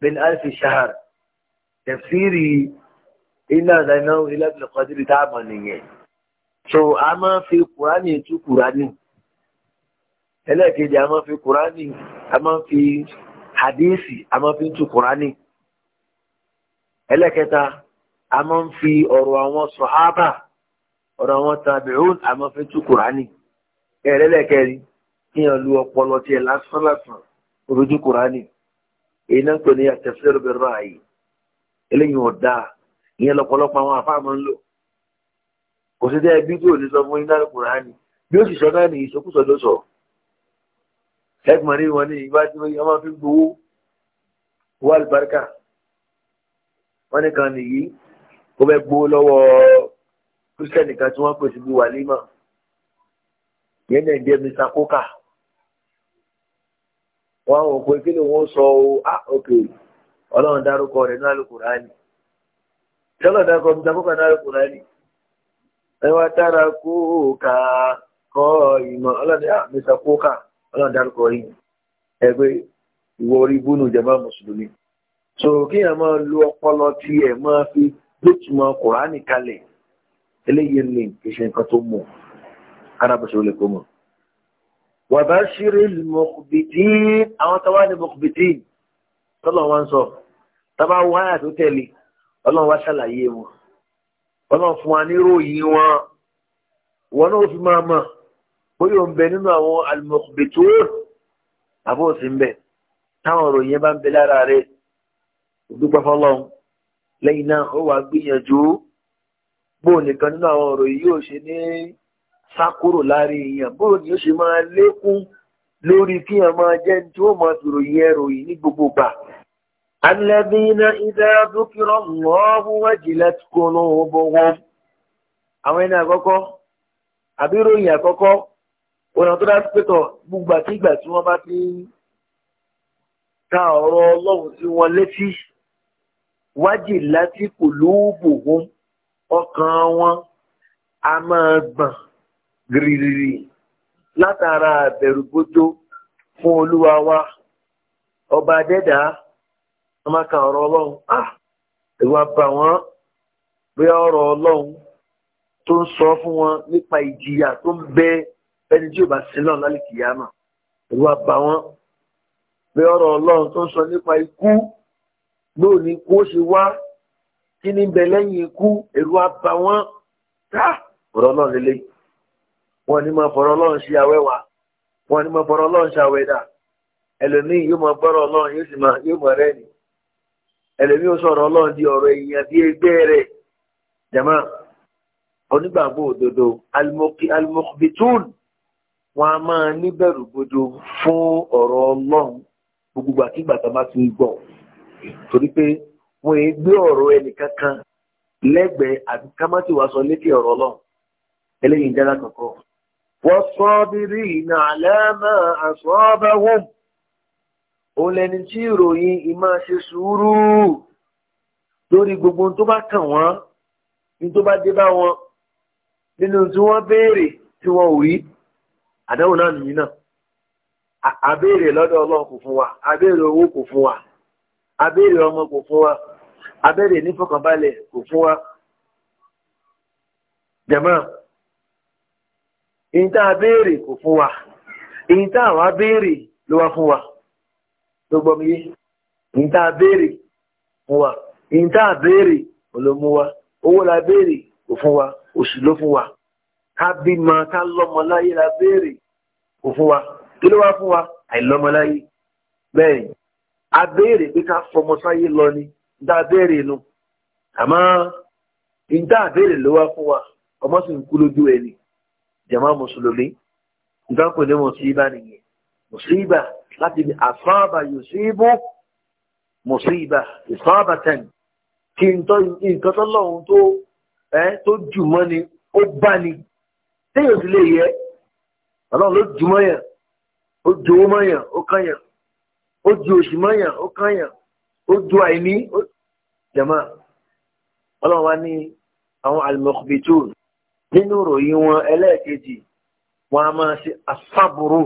Speaker 1: min alfi shahr tẹ̀síìrì iná ìdáná ilábìlẹ̀ kọ́dírì táàmù nìyẹn so a máa fi kùránì tú kùránì ẹlẹ́ẹ̀kejì a máa fi kùránì a máa fi hadíìsì a máa fi tú kùránì ẹlẹ́ẹ̀kẹta a máa ń fi ọ̀rọ̀ àwọn sọ̀hábà ọ̀rọ̀ àwọn tàbíhùn a máa fi tú kùránì ẹ̀rẹ́lẹ́kẹrin kí n lu ọpọlọ tiẹ̀ lásán lásán ojú kùránì èyí náà pè ní àtẹ̀síìrì bẹ̀rẹ̀ ààyè eléyìí ò dáa ìyẹn lọ́pọ̀lọpọ̀ àwọn àfáà máa ń lò kò sí dẹ́ bí tí ò ní sọ fún iná Kùránì bí ó sì sọ náà ní ìsọkúsọ ló sọ ẹgbọ̀n rí wọn ní ìgbà tí wọ́n máa fi gbowó wà lùbáríkà wọ́n nìkan nìyí ó fẹ́ gbowó lọ́wọ́ kírísítẹ́nì kan tí wọ́n pè síbi wàlímà yẹn náà jẹ́ Mr Coker wọ́n àwọn òpin kí ni wọ́n sọ ọ́ ah ok ọlọ́run dárúkọ rẹ̀ ní alukurani tọ́lọ̀ dákọ̀ ọ̀bùn takọ́kà ní alukurani ẹwà tára kóòkà kọ́ ìmọ̀ ọlọ́run àmìsà kóòkà ọlọ́run dárúkọ yìí ẹgbẹ́ ìwọ orí búnú jàmáà mùsùlùmí so kí ẹ máa lo ọpọlọ tí ẹ máa fi gbẹtùmọ̀ kùránì kalẹ̀ eléyìí ní ìṣe nǹkan tó mọ̀ arábàṣẹ olè kó mọ̀ wàbá ṣírí mọ̀kùbìtì àwọn tọ́wá ní mọ̀kùbìtì tọ́lọ̀ wọn sọ tábà wọ àyà tó tẹ̀lé ọlọ́run wá ṣàlàyé wọn ọlọ́run fún wa ní ròyìn wọn wọn náà fi máa mọ̀ bóyá ò ń bẹ nínú àwọn alimọ̀kùnbẹ̀tò àbó sì ń bẹ táwọn ròyìn yẹn bá ń bẹ lára rẹ òdúpẹ́ fọlọ́run lẹ́yìn náà ó wàá gbìyànjú bóò nìkan nínú àwọn ọ̀rọ̀ yóò ṣe ní sákúrò láàrin èèyàn bóò ni ó ṣe máa lékún lórí kí máa jẹ́ ní tí ó máa fi ròyìn ẹ ròyìn ní gbogbo gbà الذين إذا ذكر الله وجلت قلوبهم àwọn ẹni àkọ́kọ́ àbí ìròyìn àkọ́kọ́ ọ̀nà tó dájú pẹ́tọ̀ gbogbo àtìgbà tí wọ́n bá ti ka ọ̀rọ̀ ọlọ́run sí wọn létí wájì láti kò lóòbòhún ọkàn wọn a máa gbọ̀n gírígírí látara àbẹ̀rù gbójó fún olúwa wa ọba dẹ́dàá wọ́n máa ka ọ̀rọ̀ ọlọ́run ah ìwà bá wọn bí ọ̀rọ̀ ọlọ́run tó ń sọ fún wọn nípa ìjìyà tó ń bẹ ẹni tí ò bá sin náà lálẹ́ kìyàmà ìwà bá wọn bí ọ̀rọ̀ ọlọ́run tó ń sọ nípa ikú lóò ní kó ṣe wá kí ní bẹ lẹ́yìn ikú èrò àbá wọn tá ah! ọ̀rọ̀ náà lélẹ̀ wọn ni máa fọ̀rọ̀ ọlọ́run ṣe àwẹ́wà wọn ni máa fọ̀rọ̀ ọlọ́run ṣe àwẹ́dà ẹlòmíì yóò máa gbọ́rọ̀ ọlọ́run yóò sì máa yóò máa rẹ́ni ẹlẹ́mí ó sọ̀rọ̀ ọlọ́run di ọ̀rọ̀ èèyàn bí ẹgbẹ́ rẹ̀ jama onígbàgbọ́ òdodo alimokbitun wọn a máa níbẹ̀rù gbọdọ fún ọ̀rọ̀ ọlọ́run gbogbo àkígbà tá a bá ti ń gbọ́ torí pé wọn èé gbé ọ̀rọ̀ ẹnìkankan lẹ́gbẹ̀ẹ́ àti kámátì wàá sọ ọ̀rọ̀ ọlọ́run kankan. òun lẹni tí ìròyìn ìmáa ṣe sùúrù lórí gbogbo tó bá kàn wọ́n ní tó bá dé bá wọn nínú tí wọ́n béèrè tí wọ́n ò rí àdáwò náà nìyí náà àbéèrè lọ́dọ̀ ọlọ́run kò fún wa àbéèrè owó kò fún wa àbéèrè ọmọ kò fún wa àbéèrè nífọ̀kànbalẹ̀ kò fún wa. jẹ̀mọ́ ìyìn tá kò fún wa ìyìn tá àwa béèrè ló wá fún wa. tó gbọ́ mi yé ìta béèrè fún wa ìta béèrè olómú wa owó la béèrè kò fún wa oṣù ló fún wa ká bímọ ká lọ́mọ láyé la béèrè kò fún wa kí ló wá fún wa àìlọ́mọ láyé bẹ́ẹ̀ a béèrè pé ká fọmọ sáyé lọ ni ìta béèrè nu àmọ́ ìta béèrè ló wá fún wa ọmọ sì ń kú lójú ẹni jàmá mùsùlùmí ìgbà pẹ̀lú mọ̀ sí ibà nìyẹn mùsíbà láti bí àsáàbà yòsíbù mùsíbà ìsáàbà tẹ̀n kí nǹkan tó lọ́hùn tó ẹ́ tó jùmọ́ ni ó bá ni téèyàn sì lè yẹ ọlọ́run ló jùmọ́ yẹn ó jowó mọ́ yẹn ó kàn yẹn ó ju òṣì mọ́ yẹn ó kàn yẹn ó ju àìní ó jẹ̀mọ́ ọlọ́run wa ní àwọn al nínú ìròyìn wọn ẹlẹ́ẹ̀kejì wọn a máa ṣe asábùrù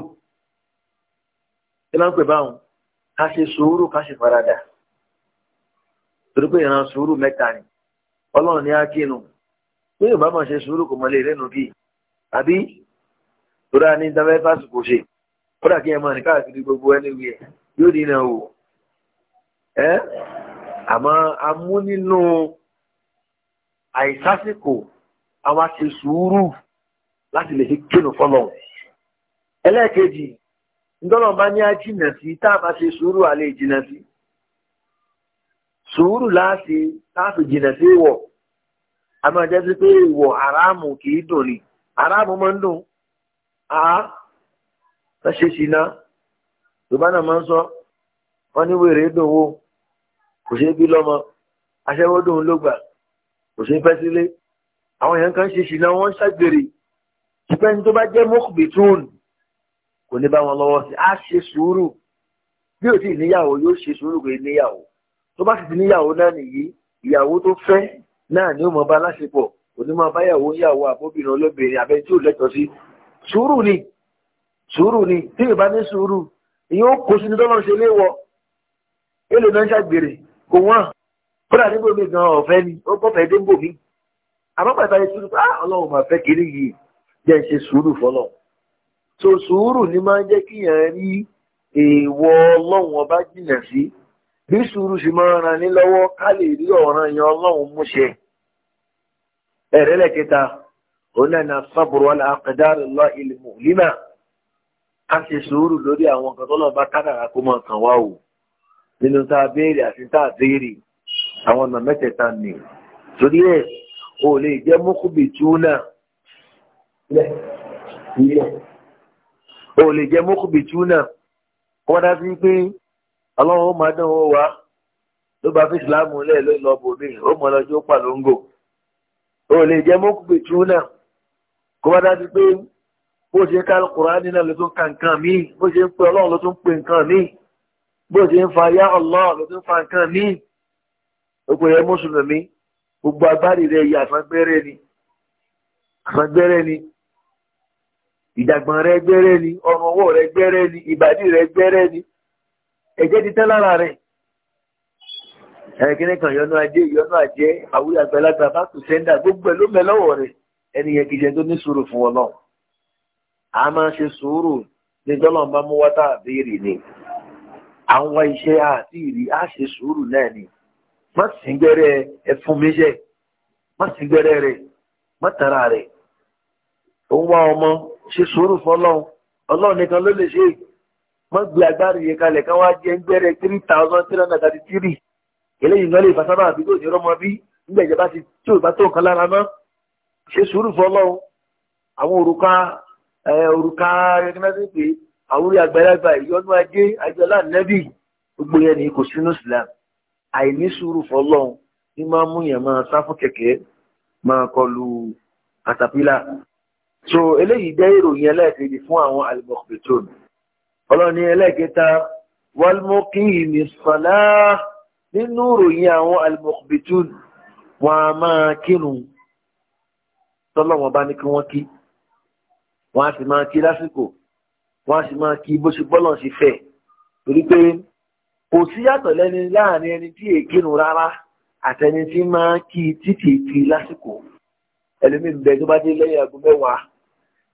Speaker 1: ló ń pè báwọn ká ṣe sùúrù ká ṣe faradà torí pé ìran sùúrù mẹ́ta ni ọlọ́run ní ákínú bí yóò bá máa ṣe sùúrù kò mọ̀lẹ́ lẹ́nu kí àbí torí a ní dábẹ́ fásitì ṣe kódà kí ẹ máa ní káàkiri gbogbo ẹni wí yóò dín náà ẹ àmọ́ a nínú àìsásìkò àwọn aṣe láti lè fi kínú fọlọ́run ẹlẹ́ẹ̀kejì ńdọ́nà bá ní àjìnà sí tá a bá ṣe sùúrù alẹ́ ìjìnà sí sùúrù láti láti jìnà sí ìwọ̀ a máa jẹ́ sí pé ìwọ̀ aráàmù kì í dùn ni aráàmù máa ń dùn á tá ṣe sí iná yorùbá náà máa ń sọ wọn ní wèrè dùn wò kò ṣeé bí lọ́mọ aṣẹ́wó dùn ló gbà kò ṣeé fẹ́ sílé àwọn èèyàn kan ṣe sí iná wọ́n ṣàgbèrè ṣùgbọ́n tó bá jẹ́ mọ́kùbìtún kò ní bá wọn lọ́wọ́ sí á ṣe sùúrù bí ò tí níyàwó yóò ṣe sùúrù kò níyàwó tó bá sì ti níyàwó náà nìyí ìyàwó tó fẹ́ náà ni ó mọ̀ bá láṣepọ̀ kò ní máa báyàwó yàwó àbóbìnrin olóbìnrin abẹ́ tí ò lẹ́tọ̀ọ́ sí sùúrù ni sùúrù ni tí ìbá ní sùúrù ìyẹn ó kó sínú tọ́lọ́ ṣe léwọ́ èlò náà ṣàgbèrè kò wọ́n kódà níbo mi gan ọ̀fẹ́ ni ó bọ́fẹ́ dé ń bò mí àmọ́ pàtàkì sùúrù pé ah, ọlọ́run máa fẹ́ kiri yìí jẹ́ ń ṣe sùúrù fọlọ́run so sùúrù ni máa ń jẹ́ kí yàn rí èèwọ̀ ọlọ́run ọba jìnà sí bí sùúrù sì máa ń ran ní lọ́wọ́ ká lè rí ọ̀ràn yẹn ọlọ́run múṣẹ ẹ̀rẹ́lẹ̀ kẹta òun náà ní asábùrù wọn àkàdáàrú lọ ìlìmọ̀ límà ká ṣe sùúrù lórí àwọn kan tọ́lọ́ bá kádàrá kó máa kàn wá o nínú tá a béèrè àti tá a béèrè àwọn ọ̀nà mẹ́tẹ̀ẹ̀ta ni torí ẹ̀ o lè jẹ́ mọ́kúbi túnà o lè jẹ́ mọ́kùbìtú náà kó wá dá sí pé ọlọ́run ó máa dán owó wa ló bá fi ìsìlámù lẹ̀ ló lọ bò mí ó mọ lọ́jọ́ pàlóńgò o lè jẹ́ mọ́kùbìtú náà kó wá dá sí pé bó ṣe ká Kùránì náà ló tún ka nǹkan míì bó ṣe ń pe ọlọ́run ló tún pe nǹkan míì bó ṣe ń fa yá Allah ló tún fa nǹkan míì ó pè é gbogbo agbárí rẹ̀ yà àfagbẹ́rẹ́ ni àfagbẹ́rẹ́ ni ìjàgbọ̀n rẹ gbẹ́rẹ́ ni ọrùn ọwọ́ rẹ gbẹ́rẹ́ ni ìbàdí rẹ gbẹ́rẹ́ ni ẹ̀jẹ̀ ti tán lára rẹ̀ ẹ̀kíní kan yọnú ajé yọnú ajé àwúrẹ́ àgbẹ̀lágbà bá kù sẹ́ńdà gbogbo ẹ̀ ló mẹ́ lọ́wọ́ rẹ̀ ẹni yẹn kìí ṣe tó ní sùúrù fún ọ náà a máa ṣe sùúrù ní dọ́lọ́n bá mú wá tá a béèrè ni àwọn iṣẹ́ àti ìrì á ṣe sùúrù náà ni má sì gbẹ́rẹ́ ẹfun mi jẹ́ má sì gbẹ́rẹ́ rẹ̀ má tara rẹ̀ ó ń wá ọmọ ṣe sùúrù fọlọ́run ọlọ́run nìkan ló lè ṣe é wọ́n gbé agbára yẹn kalẹ̀ kan wá jẹ́ ń gbẹ́rẹ́ three thousand three hundred thirty three eléyìí náà lè fa sábà àbí tó ní ọmọ bí nígbà ìjọba ti tí ò bá tó nǹkan lára mọ́ ṣe sùúrù fọlọ́run àwọn òrùka òrùka rẹ́gínẹ́sì pé àwúrí àgbàlagbà ìyọnú ajé àjọlá nẹ́bì gbogbo yẹn ni kò sínú islam àìní sùúrù fọlọ́run ní máa mú yẹn máa sá fún kẹ̀kẹ́ máa kọlu katapila so eléyìí jẹ́ ìròyìn ẹlẹ́ẹ̀kejì fún àwọn alimokhbetun ọlọ́ni ẹlẹ́ẹ̀kẹta walmokimi sọlá nínú ìròyìn àwọn alimokhbetun wọn a máa kírun tọ́lọ́wọ́n bá ní kí wọ́n kí wọ́n a sì máa kí lásìkò wọ́n a sì máa kí bó ṣe bọ́lọ̀ ṣe fẹ́ torí pé kò sí yàtọ̀ lẹ́ni láàrin ẹni tí èkínú rárá àtẹni tí máa kí títì kí lásìkò ẹlòmíì ń bẹ tó bá dé lẹ́yìn aago mẹ́wàá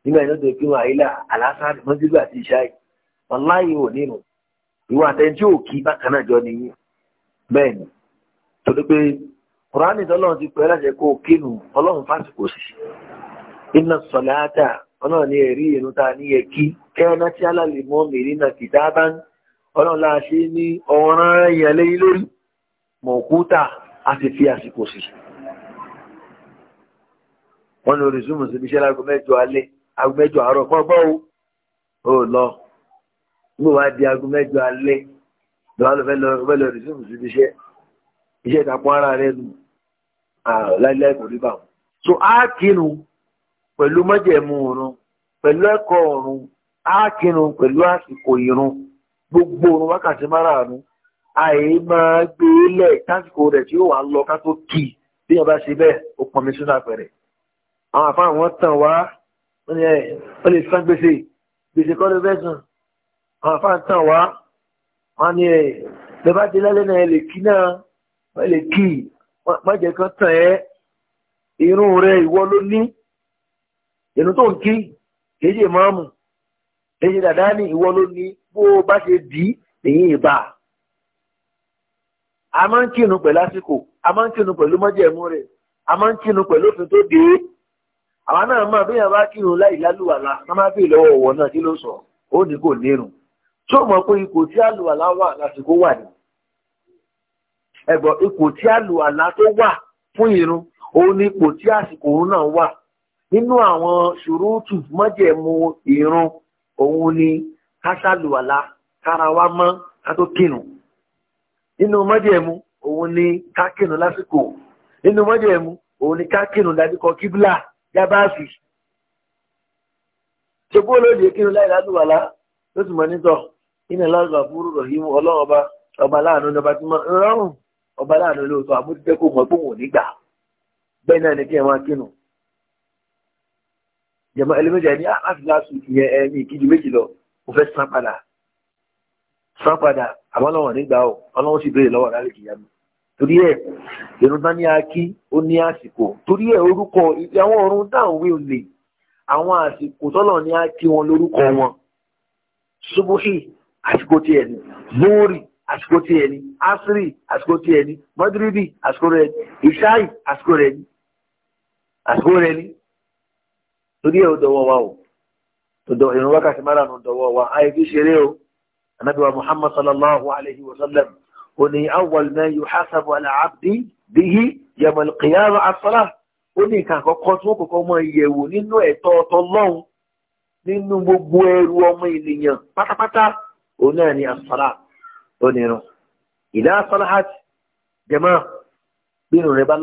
Speaker 1: nígbà yẹn lọ́dọ̀ kí wọn àyílà àlásàrì mọ́sílù àti ìṣáì wàláyé ò nínú ìwà àtẹ̀jú òkì bákan náà jọ nìyí bẹ́ẹ̀ ni torí pé kùránì tọ́lọ́run ti pẹ́ láṣẹ kó kínu ọlọ́run fásitì sí iná sọ̀láàtà ọlọ́run ní ẹ̀rí ìrún ta ní ẹ̀kí kẹ́ẹ́ná tí aláàlè mọ́ mìíràn náà kì ọlọ́run la ṣe ní ọ̀ràn ẹ̀yàn lẹ́yìn lórí mọ̀ọ́kúta a ti fi àsìkò sí wọ́n ní zoom sí iṣẹ́ láago mẹ́jọ alẹ́ aago mẹ́jọ àárọ̀ kọ́ bọ́ o ò lọ gbọ́ wá di aago mẹ́jọ alẹ́ lọ́wọ́ lọ fẹ́ lọ fẹ́ lọ rìsíìmù síbi iṣẹ́ iṣẹ́ ìtàkùn ara rẹ nù láìláì kò rí bà wọ́n. so a kírun pẹ̀lú mọ́jẹ̀mú oorun pẹ̀lú ẹ̀kọ́ oorun a kírun pẹ̀lú àsìkò ìrun gbogbo oorun wákàtí márààrún àì máa gbé lẹ̀ tásìkò rẹ̀ tí ó wà lọ ká tó kì bí wọ́n bá ṣe bẹ́ẹ̀ ó pọnmi sínú àpẹẹrẹ àwọn àfáà tàn wá wọ́n ní ẹ̀ ó lè san gbèsè gbèsè kọ́ ló fẹ́ sùn àwọn afáàn tàn wá wọ́n ní ẹ̀ lọ́ba dé lálẹ́ náà ẹ lè kí náà wọ́n lè kí mọ́jẹ̀ kan tàn ẹ́ irun rẹ̀ ìwọ ló ní ìrù tó ń kí kéjì ìmáàmù kéjì dàdá ní ìwọ ló ní bó o bá ṣe dì í èyí ìbá a máa ń kírun pẹ̀lú àsìkò a máa ń kírun pẹ̀lú mọ́jẹ̀mú rẹ̀ a máa ń kírun pẹ̀lú òfin tó dé é. àwa náà mọ̀ bí yàrá kírun láì lálùwàlà ká má bèè lọ́wọ́ ọ̀wọ́ náà kí ló sọ ó ní kò nírun tí ó mọ̀ pé ipò tí àlùwàlà wà lásìkò wà ní. ẹ̀gbọ́n ipò tí àlùwàlà tó wà fún irun òun ni ipò tí àsìkò òun náà wà nínú àwọn ṣòrótù mọ́jẹ̀mú irun òun ni kásálùwàlà kára wa mọ́ ká tó kírun nínú mọ́jẹ̀mú òun ni ká kírun lásìkò nínú mọ́jẹ̀mú òun ni ká kírun dájú kíbílà. jábáàsì ṣe bó ló lè kírun láì ládùúgbò àlá ló sì mọ nítọ iná lọ́gbà fúru rọ̀hìmù ọlọ́run ọba ọba láàánú ní ọba tí mo rọrùn ọba láàánú lóòótọ́ àmójútẹ́ kò mọ̀ pé òun ò ní gbà bẹ́ẹ̀ náà ni kí ẹ máa kírun jẹ̀mọ́ ẹlẹ́mẹ́jẹ ní ah, láti láti ìyẹn ẹni ìkíjú méjì lọ mo fẹ́ san padà san padà àmọ́ nígbà ó ọlọ́run sì béèrè lọ́wọ́ rárẹ̀ kìyàmù torí ẹ ìrúnta ní akí ó ní àsìkò torí ẹ orúkọ àwọn ọrùn dáhùnwé olè àwọn àsìkò tọ́lọ̀ ní akí wọn lórúkọ wọn ṣubuhi àsìkò tiẹ̀ ni lóòrì àsìkò tiẹ̀ ni asiri àsìkò tiẹ̀ ni madribi àsìkò rẹ̀ ni ìṣáì àsìkò ni àsìkò ni torí o tọ̀dọ̀ dọwọ́ wa ṣeré muhammad sallallahu alayhi wa sallam ó ní awwal ma yuhasabu ala abdi bihi yawmal qiyamah as-salah ó ní nǹkan àkọ́kọ́ tí wọ́n kọ́kọ́ mọ ìyẹ̀wò nínú ẹ̀tọ́ ọ̀tọ̀ lọ́hùn nínú gbogbo ẹrù ọmọ ènìyàn pátápátá ó náà ní as-salah ó ní irun ìdá as-salahat jàmá bínú rẹ̀ bá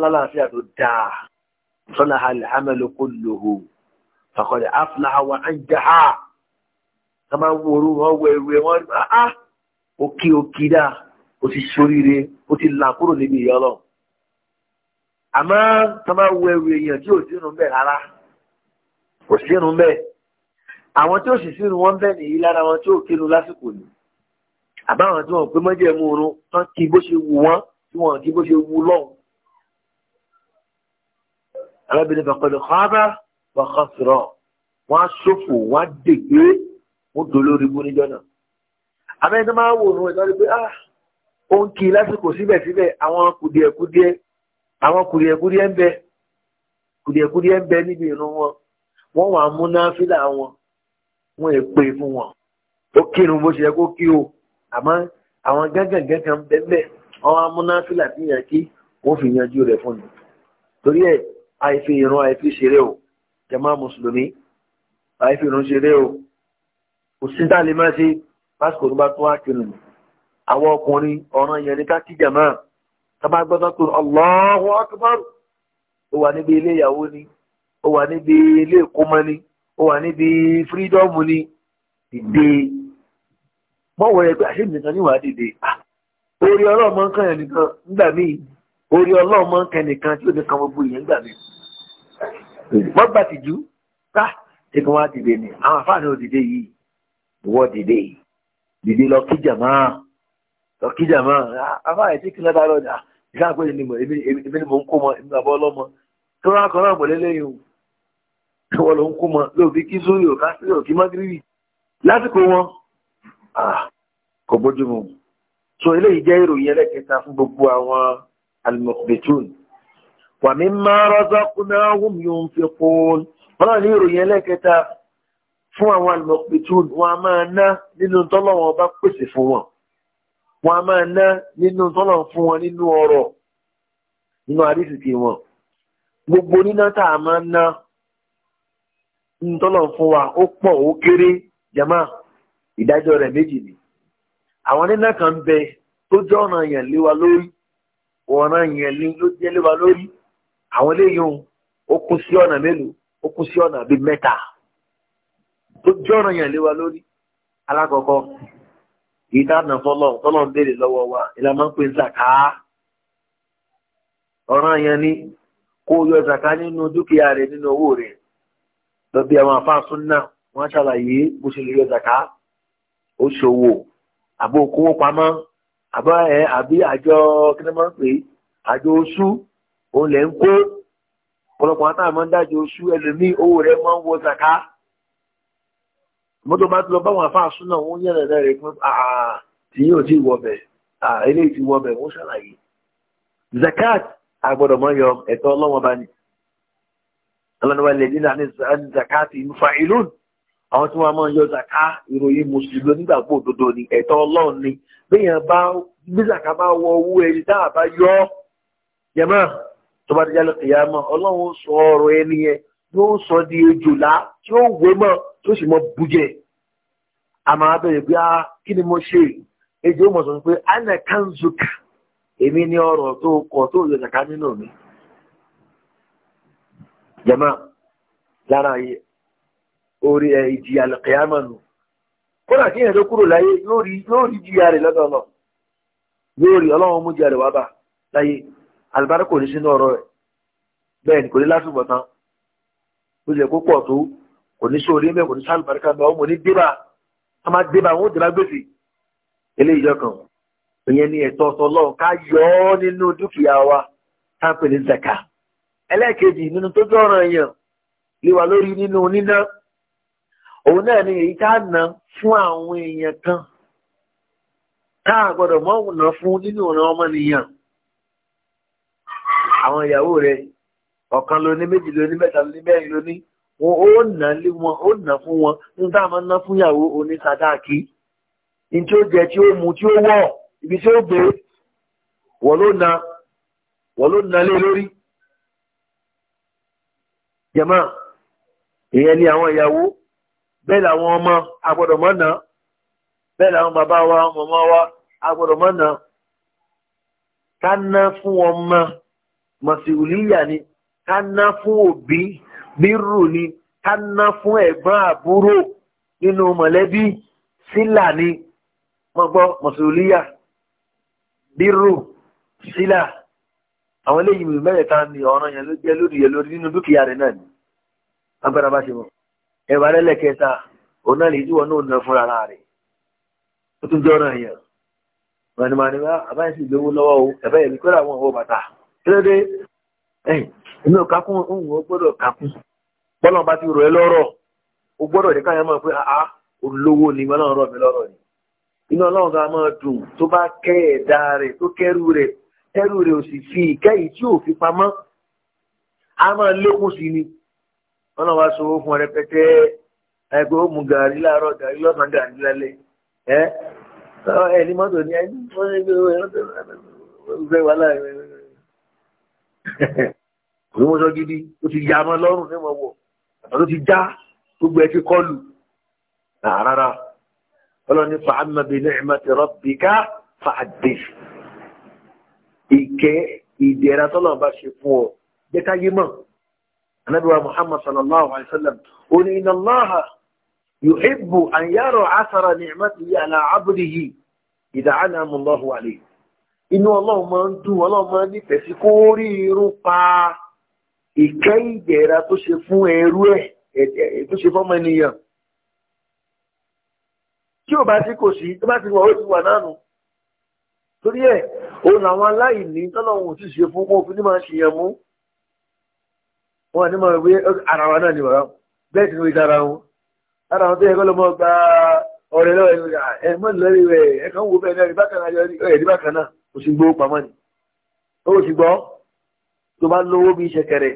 Speaker 1: salaha al kulluhu faqad aflaha wa anjaha ká máa wọ̀rú wọn wọ ẹrù ẹ wọn á ah, ah, òkè ó ti ṣoríire ó ti là kúrò níbi ìyá ọlọ́run àmọ́ tó máa wo ẹrù èèyàn tí ò sínú bẹ́ẹ̀ rárá kò sínú bẹ́ẹ̀ àwọn tí ò sì sínú wọn bẹ́ẹ̀ nìyí lára wọn tí ò kínu lásìkò ni àbáwọn tí wọn pé mọ́jẹ̀mú oorun tán kí bó ṣe wù wọ́n tí wọn kí bó ṣe wù lọ́hùn. arábìnrin kan pẹ̀lú kọ́ábà wà kan á ṣòfò wọ́n á dègbé wọ́n dolórí bú níjọ́ náà. àbẹ́yẹn tó máa wò ó nù ẹ̀ lọ́dún pé ah ó ń kí lásìkò síbẹ̀síbẹ̀ àwọn kùdìẹ̀kùdìẹ àwọn kùdìẹ̀kùdìẹ ń bẹ kùdìẹ̀kùdìẹ ń bẹ níbi ìrun wọn wọ́n wà mú náfìlà wọn wọ́n è pè fún wọn ó kírun bó ṣe yẹ kó kí o àmọ́ àwọn gángan kan bẹ́ẹ̀ wọ́n wá mú náfìlà sí yẹn kí wọ́n fi yanjú rẹ̀ fún mi torí ẹ̀ àìfi ìrun àìfi ṣeré o jàmá mùsùlùmí àìfi ìrun ṣeré o kò sí tá a lè má ṣe pásítọ̀ tó bá tó wá kírun mi. àwọn ọkùnrin ọ̀ràn yẹn ní káàkiri jàmá ká máa Allahu ó wà níbi ilé ìyàwó ni ó wà níbi ilé ìkómọ ni ó wà níbi fírídọ́ọ̀mù ni dìde mọ́wọ́ rẹ̀ pé nìkan níwàá dìde orí ọlọ́ọ̀mọ́ kan yẹn nìkan nígbà míì orí ọlọ́ọ̀mọ́ nìkan tí ní kan gbogbo nígbà míì wọ́n gbà tìjú ká dìde ni àwọn lọ́kíjà máa afá ẹ̀ tí kí lọ́ta lọ dà ìṣá àpẹẹrẹ ni èmi ni mò ń kó mọ èmi bàbá ọlọ́mọ tó rà kan náà pẹ̀lẹ́ lẹ́yìn o wọ́n ló ń kó mọ lóòbí kí zúrì ò kásìrì ò kí mágírì lásìkò wọn kò bójú mu so eléyìí jẹ́ ìròyìn ẹlẹ́kẹta fún gbogbo àwọn alimọ̀kùnbẹ̀tún wà mí máa razaqnahum yunfiqun wọn náà ní ìròyìn ẹlẹ́kẹta fún àwọn alimọ̀kùnbẹ̀tún wọn a máa ná nínú tọ́lọ́wọ́n bá pèsè fún wọn. wọn a máa ná nínú tọ́lọ̀ fún wọn nínú ọrọ̀ nínú àrísìkì wọn gbogbo níná tá a máa ná nínú tọ́lọ̀ fún wa ó pọ̀ ó kéré jama ìdájọ́ rẹ̀ méjì ni àwọn níná kan bẹ tó jẹ́ ọ̀nà yẹn lórí ọ̀nà yẹn ló jẹ́ lórí àwọn eléyìí ó kún sí ọ̀nà mélòó ó kún sí ọ̀nà bíi èyí tá nà fọlọ́n tọ́lọ́n béèrè lọ́wọ́ wa ìlà máa ń pè zàká ọ̀ràn yẹn ni kó yọ zàká nínú dúkìá rẹ̀ nínú owó rẹ̀ lọ́bí àwọn àfáàsùn náà wọ́n ṣàlàyé bó ṣe lè yọ zàká ó ṣòwò àbó kówó pamọ́ àbá ẹ̀ àbí àjọ kí máa ń pè àjọ oṣù òun lẹ̀ ń kó ọ̀pọ̀lọpọ̀ àtàwọn máa ń dájọ oṣù ẹlòmíì owó rẹ̀ máa ń wọ zàká mọ́tò bá ti lọ báwọn afá súnà wọ́n yẹ̀rẹ̀ rẹ̀ rẹ̀ pín àà ah, ah, tí yóò ti wọ̀bẹ̀ àà ah, ilé ti wọ̀bẹ̀ wọ́n ṣàlàyé zakat agbọ́dọ̀ mọ́ yọ ẹ̀tọ́ ọlọ́wọ́n bá ní ọlọ́niwá lè nílà ní zakat ìnufa ìlú àwọn tí wọ́n máa ń yọ zaka ìròyìn mùsùlùmí nígbàgbọ́ òdodo ni ẹ̀tọ́ ọlọ́run ni bẹ́yàn bá bí zaka bá wọ owó ẹni tá a bá yọ yẹmọ tó bá ti jálẹ̀ kìyàmọ ọlọ́run sọ ọ̀rọ̀ ẹni yẹn yóò sọ di ejòlá tí ó wé mọ́ tó sì mọ bújẹ àmọ́ abẹ́rẹ́ pé ah kí ni mo ṣe èjì ó mọ̀ sọ pé anna kanzuk èmi ní ọ̀rọ̀ tó kọ tó yọ kàkà nínú mi jama lára yìí orí ẹ eh, ìjìyà lọ́kẹ́yàmọ̀ nù kódà kí èèyàn tó kúrò láyé yóò rí jìyà rẹ̀ lọ́dọ̀ ọlọ́ yóò rí ọlọ́run mú jìyà rẹ̀ wá bà láyé alùbárà kò ní sínú ọ̀rọ̀ rẹ̀ bẹ́ẹ̀ ni kò ní lásùbọ̀ tán ó lè kó pọ̀ tó kò ní sóòrí ń bẹ kò ní sálùbáríkà ń bẹ ọmọ ní débà a máa débà wọn ó débà gbèsè eléyìí yọ kan ìyẹn ni ẹ̀tọ́ ọ̀tọ̀lọ́ ká yọ ọ́ nínú dúkìá wa tá ní zaka ẹlẹ́ẹ̀kejì nínú tó dọ̀ràn èèyàn lè lórí nínú níná òun náà ni èyí tá a ná fún àwọn èèyàn kan tá a gbọ́dọ̀ mọ́ òun ná fún nínú ọ̀ràn ọmọnìyàn àwọn ìyàwó rẹ̀ ọ̀kan lóní méjì lóní mẹ́ta lóní mẹ́rin lóní wọn ó nà lé fún wọn ní tá a máa ná fún ìyàwó onísàdáàkì ní tí ó jẹ tí ó mu tí ó wọ ibi tí ó gbé wọ́n ló na wọ́n ló na lé lórí jẹ̀mọ́ ìyẹn ni àwọn ìyàwó bẹ́ẹ̀ làwọn ọmọ agbọ́dọ̀ mọ́ náà bẹ́ẹ̀ làwọn bàbá wa mọ̀mọ́ wa agbọ́dọ̀ mọ́ náà ká ná fún ọmọ mọ̀síwìlíyà ni ká ná fún òbí bírù ni ká ná fún ẹ̀gbọ́n àbúrò nínú mọ̀lẹ́bí sílà ni mọ̀gbọ́ mọ̀sùlùmíyà bírù sílà àwọn eléyìí mi mẹ́rẹ̀ẹ́ta ni ọ̀ràn yẹn ló jẹ́ lórí yẹn lórí nínú dúkìá rẹ̀ náà ni agbára bá ṣe mọ̀ ẹ̀wà lẹ́lẹ́kẹta òun náà lè jíwọ́ náà ná fúnra rẹ̀ ó tún jọ́ ọ̀ràn yẹn mọ̀nìmọ̀nìmọ̀ àbáyé sì lówó lọ́wọ́ o ẹ̀fẹ́ yẹn kó làwọn ò inú kakún òun ò gbọ́dọ̀ kakún bọ́lá bá ti rọ̀ ẹ́ lọ́rọ̀ o gbọ́dọ̀ ní káyọ̀ mọ̀ pé àá olówó ni wọn náà rọ̀ mí lọ́rọ̀ ni inú ọlọ́run ká máa dùn tó bá kẹ́ ẹ̀dá rẹ̀ tó kẹ́rù rẹ̀ kẹ́rù rẹ̀ ò sì fi ìkẹ́yìí tí ò fi pamọ́ a máa lékún sí ni wọn náà wá so fún rẹpẹtẹ ẹgbẹ́ ó mu gàrí láàárọ̀ gàrí lọ́sàn gàrí lálẹ́ ẹ ẹ ní mọ́tò ní ẹni wọ́n ń gbé wọ́n ń gbé wàhálà rẹ̀ òun sọ gidi ó ti ya ọmọ lọ́rùn ní ọmọ wọ̀ àtàwọn ti já gbogbo ẹ ti kọlù rárá ọlọ́ni fa'amma bi ni'mati rabbika fa'addis ìkẹ́ ìdẹ̀ra tọ́lọ̀ bá ṣe fún ọ jẹ́ ká yé mọ̀ anábíwá muhammad sallallahu alayhi wa sallam ó ní inna allaha yuhibbu an yara asara ni'matihi ala abdihi idha an'ama allahu alayhi inú ọlọ́run máa ń dùn ọlọ́run máa ń nífẹ̀ẹ́ sí kó pa á ìkẹ́ ìjẹ̀ra tó ṣe fún ẹrú ẹ̀ tó ṣe fọ́mọ ènìyàn tí ò bá sí kò sí tó bá ti wà ó ti wà náà nù torí ẹ̀ òun làwọn aláìní tọ́lọ́hún ò sì ṣe fún kó fi ní máa ṣèyàn mú wọn ní máa wí ara wa náà ni wàá bẹ́ẹ̀ sì ni wí dára wọn ara wọn tó yẹ kó lọ́mọ gba ọ̀rẹ́ lọ́wọ́ ẹ mọ́ lórí rẹ̀ ẹ kàn wò bẹ́ẹ̀ náà rí bákan náà rí bákan náà kò sì gbó pamọ́ ni ó sì gbọ́ tó bá lówó bí ṣẹ̀kẹ̀rẹ̀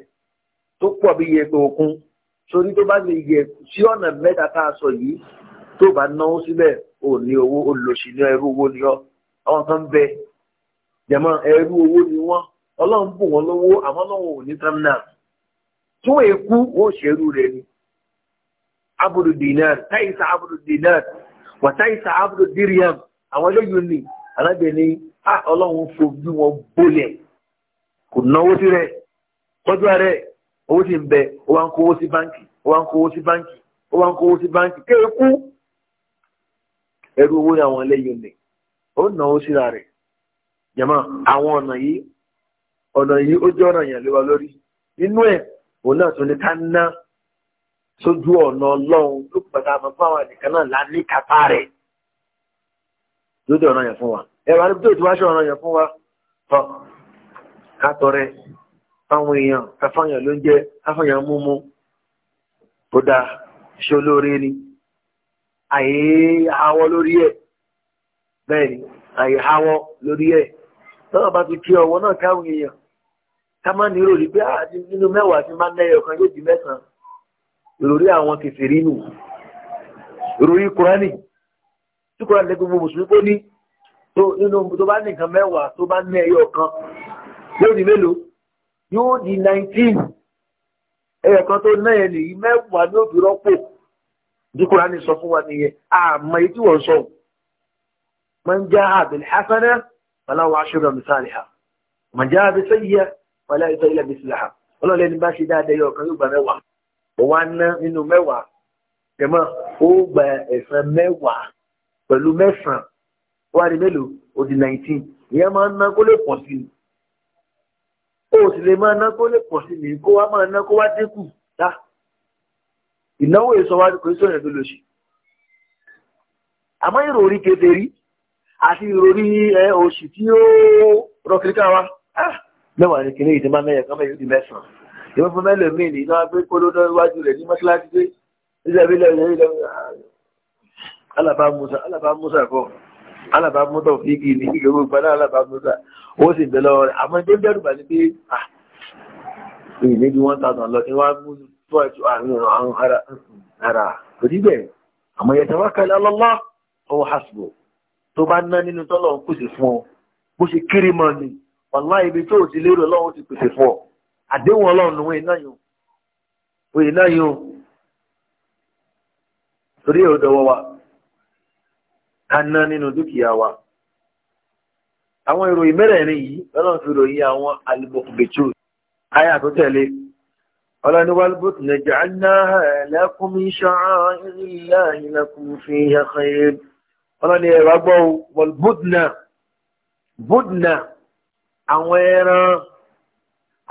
Speaker 1: tó pọ̀ bí yẹ̀pẹ̀ òkun sórí tó bá lè yẹ sí ọ̀nà mẹ́ta tá a sọ yìí tó bá náwó síbẹ̀ ò ní owó olùlọ́sí ní ẹrú owó ni ọ àwọn kan bẹ jẹ̀mọ́ ẹrú owó ni wọ́n ọlọ́run bù wọ́n lówó àmọ́ lọ́wọ́ ò ní tẹ́mínà tí wọ́n èkú wọ́n ṣerú rẹ̀ ni abudu dinar taisa abudu dinar wà taisa abudu dirham àwọn eléyìí ni alábẹ̀ni ọlọ́run fojú wọn bólẹ̀ kò náwó sí rẹ̀ tọ́jú rẹ̀ owó sì ń bẹ ó wá ń kówó sí báǹkì ó wá ń kówó sí báǹkì ó wá ń kówó sí báǹkì kéè kú ẹrú owó ni àwọn ẹlẹ́yìn ni ó náwó síra rẹ̀ yàmá àwọn ọ̀nà yìí ọ̀nà yìí ó jẹ́ ọ̀nà yàn lé wa lórí nínú ẹ̀ òun náà tún ní ká ná sójú ọ̀nà ọlọ́run ló pàtà àmọ́ fún àwọn àdìkan náà lá kápá rẹ̀ lójú ọ̀nà yàn fún wa ẹ̀rọ àdúgbò tí wàá ṣe ọ̀nà yàn fún wa kátọrẹ fáwọn èèyàn káfáyàn ló ń jẹ káfáyàn múmú tó dáa ṣe olóore ni àyè awọ lórí ẹ bẹ́ẹ̀ ni àyè awọ lórí ẹ tọ́nà bá ti kí ọwọ́ náà káwọn èèyàn ká má ní ìròrí pé àti ah, nínú mẹ́wàá ti máa ń lẹ́yọ̀ kan yóò di mẹ́sàn ìròrí àwọn kèfèrí nù ìròrí kùránì tí kùránì lẹ́gbẹ̀ẹ́ mùsùlùmí kó ní tó bá nìkan mẹ́wàá tó bá ní kan yóò di mélòó yóò di nineteen ẹ̀yọ̀ kan tó náà yẹn nìyí mẹ́wàá ní òbí rọ́pò dúkúrá ní sọ fún wa nìyẹn àmọ́ èyí tí wọ́n sọ man jẹ́ àbẹ̀lẹ̀ hasana fàlàwọ̀ aṣọ́rọ̀ misali ha man jẹ́ àbẹ̀ sẹ́yìí fàlà ìtọ́ ilẹ̀ misali ha ọlọ́lẹ̀ ní bá ṣe dáadáa yọ yóò gba mẹ́wàá òwa ná nínú mẹ́wàá jẹ̀mọ́ ó gba ẹ̀sán mẹ́wàá pẹ̀lú mẹ́sàn-án wá mélòó ó di nineteen ìyẹn máa ń ná kó pọ̀ sí i o sì lè máa ná kó lè pọ̀ sí mi kó wá máa ná kó wá dínkù dá ìnáwó ìsọwá kò sí sọ̀rọ̀ tó lò sí àmọ́ ìròrí kedere àti ìròrí ẹ oṣù tí ó rọkìríkà wa mẹ́wàá ní kìnìún ìdí máa mẹ́yẹ kan mẹ́yẹ di mẹ́sàn-án ìwé fún mẹ́lẹ̀ míì ní iná gbé kólódó iwájú rẹ̀ ní mọ́ṣáláṣí pé ilẹ̀ ilẹ̀ ilẹ̀ ilẹ̀ alaba musa alaba musa kọ alaba musa òfin kì ní ìgbẹ́ gbogbo alaba ó sì bẹ̀ lọ́wọ́ rẹ̀ àmọ́ tó dẹ́rù bà ní pé ìní ah, bí wọ́n tàbí lọ ní wọ́n tó ẹ̀tù àárín àwọn ara kò rí àmọ́ wá kalẹ̀ ọwọ́ hasbro tó bá ná nínú tọ́lọ̀ ń pèsè fún ọ bó ṣe kéré mọ́ ni ọ̀la ibi tó ti lérò ọlọ́run ti pèsè fún ọ àdéhùn ọlọ́run òun iná yun òun iná yun torí wa ká ná nínú dúkìá wa àwọn ìròyìn mẹ́rẹ̀ẹ̀rin yìí lọ́nà fi ròyìn àwọn alìmọ̀kùnbẹ̀tù àyà tó tẹ̀lé ọlọ́ni wálbùt nẹ̀jẹ̀ anáhà lakum min sha'i'illahi lakum fiha khair ọlọ́ni ẹ̀rọ agbọ́ wọlbùdnà bùdnà àwọn ẹran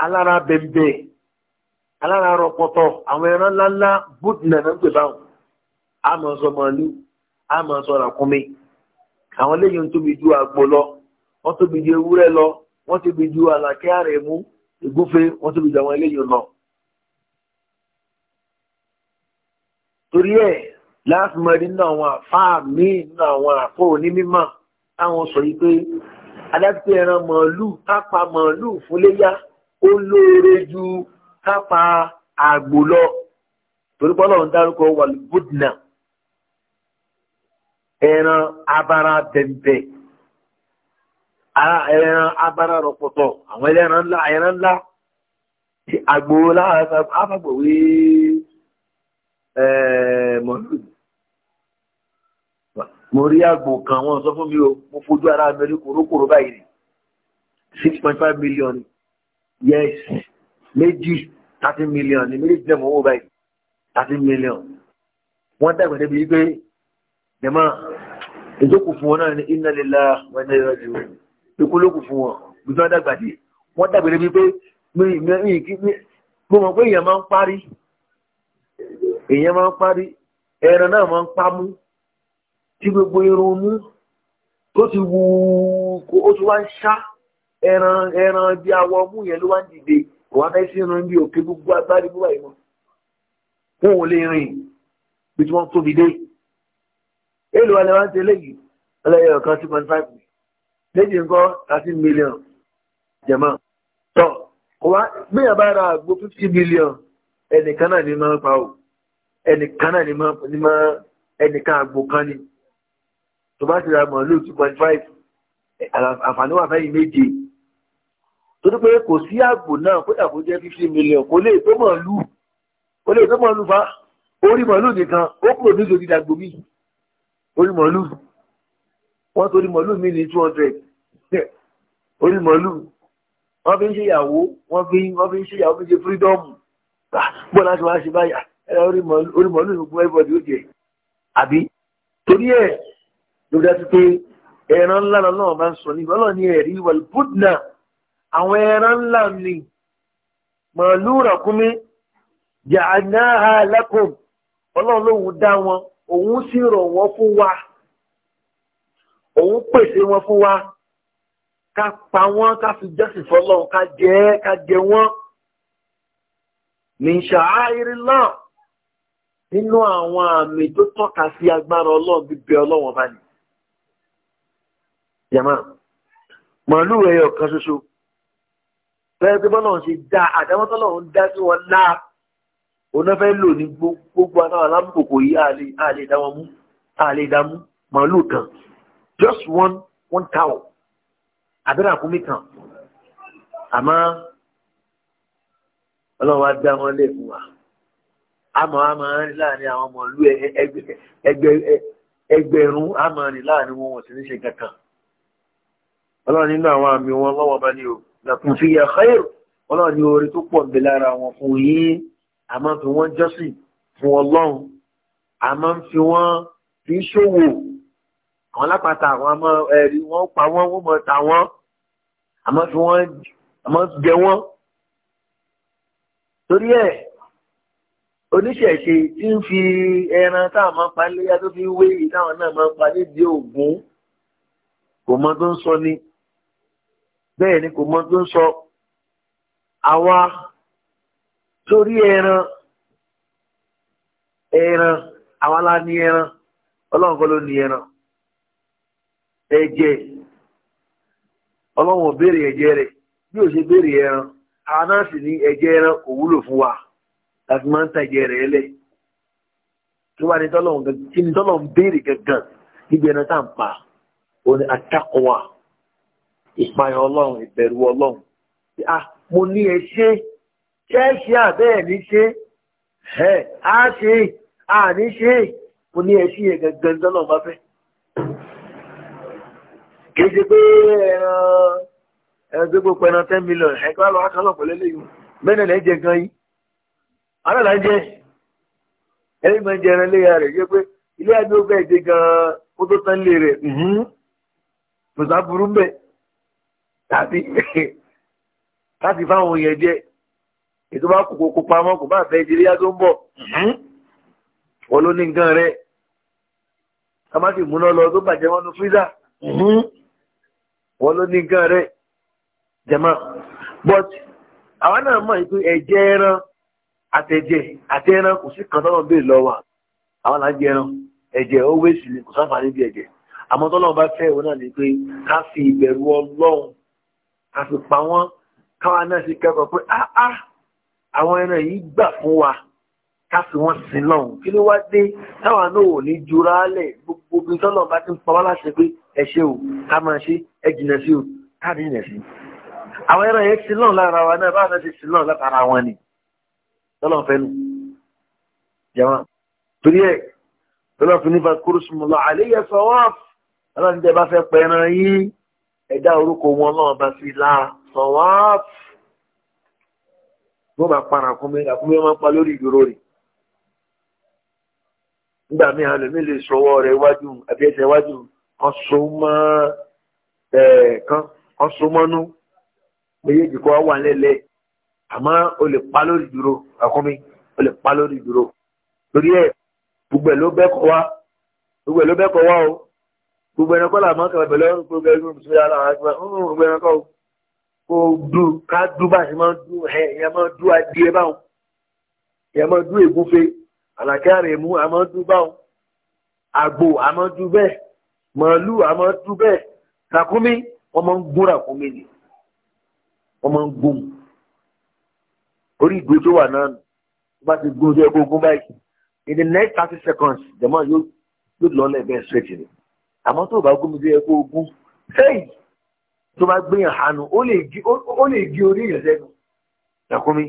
Speaker 1: alára bẹ̀m̀bẹ̀ alára rọpọtọ àwọn ẹran ńláńlá bùdnà ju àgbò lọ wọ́n tóbi ju ewúrẹ́ lọ wọ́n tóbi ju àlàkẹ́ àrẹ̀mú ìgúnfe wọ́n tóbi ju àwọn eléyìí lọ. torí ẹ̀ láti mọ nínú àwọn àfáà míì nínú àwọn àfọ onímọ̀ táwọn sọ yìí pé adájọ́ ẹran màálù kápá màálù fúnléyà ó lóore ju kápá àgbò lọ torí pọ́lọ́ ń dárúkọ wàlúbùdìnà ẹran abara bẹ̀m̀bẹ̀. Ah, ẹran agbára rọpọtọ àwọn ẹran ńlá ẹran ńlá tí àgbò láàrín afẹ́gbòwé mọ̀lúù mo rí àgbò kan wọ́n sọ fún mi o mo fojú ara mi rí kòrókòrò báyìí six point five million yes méjì thirty million ní méjì jẹ́ mọ́ owó báyìí thirty million wọ́n dàgbà débi pé jẹ́mọ́ ìjókòó fún wọn náà ní inna lillahi wa inna ilayhi raji'un ikú ló kù fún wọn bí wọ́n dàgbà dé wọ́n dàgbà débi pé mo mọ̀ pé èèyàn máa ń parí èèyàn máa ń parí ẹran náà máa ń pamú tí gbogbo irun mú tó ti wù kó ó ti wá ń ṣá ẹran ẹran bí awọ mú yẹn ló wá ń dìde kò wá fẹ́ sí irun bí òkè gbogbo agbárí gbogbo àìmọ́ fún òun lè rìn bí tí wọ́n tóbi dé èlò alẹ́ wá ń tẹ́lẹ̀ yìí ọlọ́yẹ̀ ọ̀kan two point méjì ń kọ́ thirty million jẹ̀mọ́ tọ́ wá gbéyàn bá ra àgbo fifty million ẹnìkan náà ni máa pa o ẹnìkan náà ni máa ẹnìkan àgbo kan ni tó bá ti ra màálù two point five àǹfààní wà fẹ́yìn méje torí pé kò sí àgbò náà kódà kó jẹ́ fifty million kò lè tó màálù kò lè tó màálù fa orí màálù nìkan ó kúrò nítorí ìdàgbò mi orí màálù wọ́n torí màálù mi ní two hundred orí màálù wọ́n fi ń ṣèyàwó wọ́n fi wọ́n fi ń ṣèyàwó fi ṣe fírídọ́ọ̀mù bọ́ọ̀lù láti wá ṣe báyà ẹ̀rọ orí màálù ní gbogbo ẹ̀bọ̀dì ó jẹ àbí torí ẹ̀ ló dájú pé ẹran ńlá náà máa ń sọ ní ìgbọ́lọ̀ ní ẹ̀rí wàlúùbùdùnà àwọn ẹran ńlá ni màálù ràkúnmí jàǹdáhà lákòm ọlọ́run lòun dá wọn òun sì rọ̀ wọ́n fún wa òun pèsè wọn fún wa ká pa wọ́n ká fi jẹ́sìn fọ́lọ́run ká jẹ ká jẹ wọ́n min sha'airillah nínú àwọn àmì tó tọ́ka sí agbára ọlọ́run bíbẹ ọlọ́run ọba ni. Yàmá, màálù ẹyọ kan ṣoṣo, fẹ́ẹ́ tó bọ́lọ̀ ṣe dá àdámọ́tọ́lọ̀ ń dá sí wọn náà, òun lò ní gbogbo àwọn alámùkòkò yìí àlè dáwọn mú, àlè dámú, màálù kan, just one, one cow àbí ràkúnmí kan àmọ́ ọlọ́run wá dá wọn lè fún wa àmọ́ àmọ́ rìn láàrin àwọn ọmọ ìlú ẹgbẹ̀rún àmọ́ rìn láàrin wọn wọ̀n sí ní ṣe kankan ọlọ́run nínú àwọn àmì wọn lọ́wọ́ bá ní o lakum fiya khair ọlọ́run ní orí tó pọ̀ nbẹ lára wọn fún yín àmọ́ fi wọ́n jọ́sìn fún ọlọ́run àmọ́ fi wọ́n fi ṣòwò àwọn alápàtà àwọn ọmọ ẹ̀rí wọn pa wọn wọn mọ ta wọn àmọ́ fi wọn àmọ́ jẹ wọn torí ẹ̀ oníṣẹ̀ṣe tí ń fi ẹran táwọn máa ń pa léyà tó fi ń wé èyí táwọn náà máa ń pa nídìí ògún kò mọ tó ń sọ ni bẹ́ẹ̀ ni kò mọ tó ń sọ àwa torí ẹran ẹran àwa la ní ẹran ọlọ́run kọ́ ló ní ẹran. ẹ̀jẹ̀ ọlọ́wọ̀n béèrè ẹ̀jẹ̀ rẹ̀ bí o ṣe béèrè ẹran àwọn sì ní ẹ̀jẹ̀ ẹran fún wa láti máa ń ta ẹ̀jẹ̀ rẹ̀ lẹ̀ kí wàá ní tọ́lọ̀ ń béèrè gangan níbi ẹran tá à ń pa ni àtàkùnwà ìpayọ̀ ọlọ́run ìbẹ̀rù ọlọ́run a mo ní ẹ ṣe àbẹ́ẹ̀ ní ṣe kìí ṣe pé ẹran ẹran tó gbogbo ẹran ten million ẹ̀kọ́ àlọ́ akálọ̀ pẹ̀lú eléyìí bẹ́ẹ̀ náà jẹ gan yìí aláàlá ń jẹ ẹlẹ́yìn máa ń jẹ ẹran léya rẹ̀ yẹ pé ilé àdó bẹ́ẹ̀ jẹ gan kó tó tán lé rẹ̀ mùsà burú mbẹ tàbí láti fáwọn yẹn jẹ ètò bá kò kókó pamọ́ kò bá fẹ́ ìdílé yá tó ń bọ̀ wọ́n ló ní nǹkan rẹ̀ ká má sì múná lọ tó bàjẹ́ wọn nu fíìsà. wọ́n ló ní nǹkan rẹ̀ jẹ̀mọ́ but àwa náà mọ̀ pé ẹ̀jẹ̀ ẹran àtẹ̀jẹ̀ àti ẹran kò sí kan tọ́lọ̀ bèèrè lọ́wọ́ àwọn là ń jẹ ẹran ẹ̀jẹ̀ ó wéṣì ni kò sáfàní bí ẹ̀jẹ̀ àmọ́ tọ́lọ̀ bá fẹ́ òun náà ni pé ká fi ìbẹ̀rù ọlọ́run ká fi pa wọ́n káwa náà sì kẹ́kọ̀ọ́ pé áá ah, ah, àwọn ẹran yìí gbà fún wa káfí wọ́n sí lọ́hùn kí ló wá dé táwọn náà ò ní jura lẹ̀ gbogbo obìnrin tọ́lọ̀ bá ti ń pa wá láṣẹ pé ẹ ṣe o ká máa ṣe ẹ jìnà sí o ká jìnà sí. àwọn ẹran yẹn sí lọ́hùn lára wa náà báwọn náà ṣe sí lọ́hùn látara wọn ni tọ́lọ̀ fẹ́ nu. jama torí ẹ tọ́lọ̀ fi nípa kúrúsùmùlọ àléyé sọ́wọ́f ọlọ́run tẹ́ bá fẹ́ pẹ́ ẹran yín ẹ̀dá orúkọ wọn náà bá sí lára sọ́wọ́f. bó bá para kúnmí àkúnmí máa ń pa lórí ìdúró rẹ̀ nígbà míì àwọn ẹlòmíì lè sọwọ́ rẹ̀ wájú àbí ẹsẹ̀ wájú kan so mọ́ ẹ̀ kan so mọ́nú méjèèjì kọ́ wà lẹ́lẹ̀ àmọ́ o lè pa lórí dúró àkọ́mi o lè pa lórí dúró torí ẹ̀ gbogbo ẹ̀ ló bẹ́kọ̀ wá gbogbo ẹ̀ ló bẹ́kọ̀ wá o gbogbo ẹ̀rọ kọ́là máa ń kàwé pẹ̀lú ọ̀rùn gbogbo ẹ̀rọ ìṣúná aláwọ̀ àti gbogbo ẹ̀rọ kọ́ kó ká dùn bá máa ń dùn ẹ̀ máa ń dùn adìẹ báwọn ìyá máa ń dùn ègúfe àlàkẹ́ àrèmú àmọ́dú báwọn àgbò àmọ́dú bẹ́ẹ̀ màálù àmọ́dú bẹ́ẹ̀ ràkúnmí wọ́n máa ń gún ràkúnmí ni wọ́n máa ń gún orí ìgbó tó wà náà tó bá ti gún ojú ẹgbẹ́ ogun báyìí in the next thirty seconds jẹ̀mọ́ yóò yóò lọ́lẹ̀ bẹ́ẹ̀ straight ni àmọ́ tó bá gún ojú ẹgbẹ́ ogun sẹ́yìn tó bá gbìyàn àánú ó lè gé orí ìyẹn sẹ́nu ràkúnmí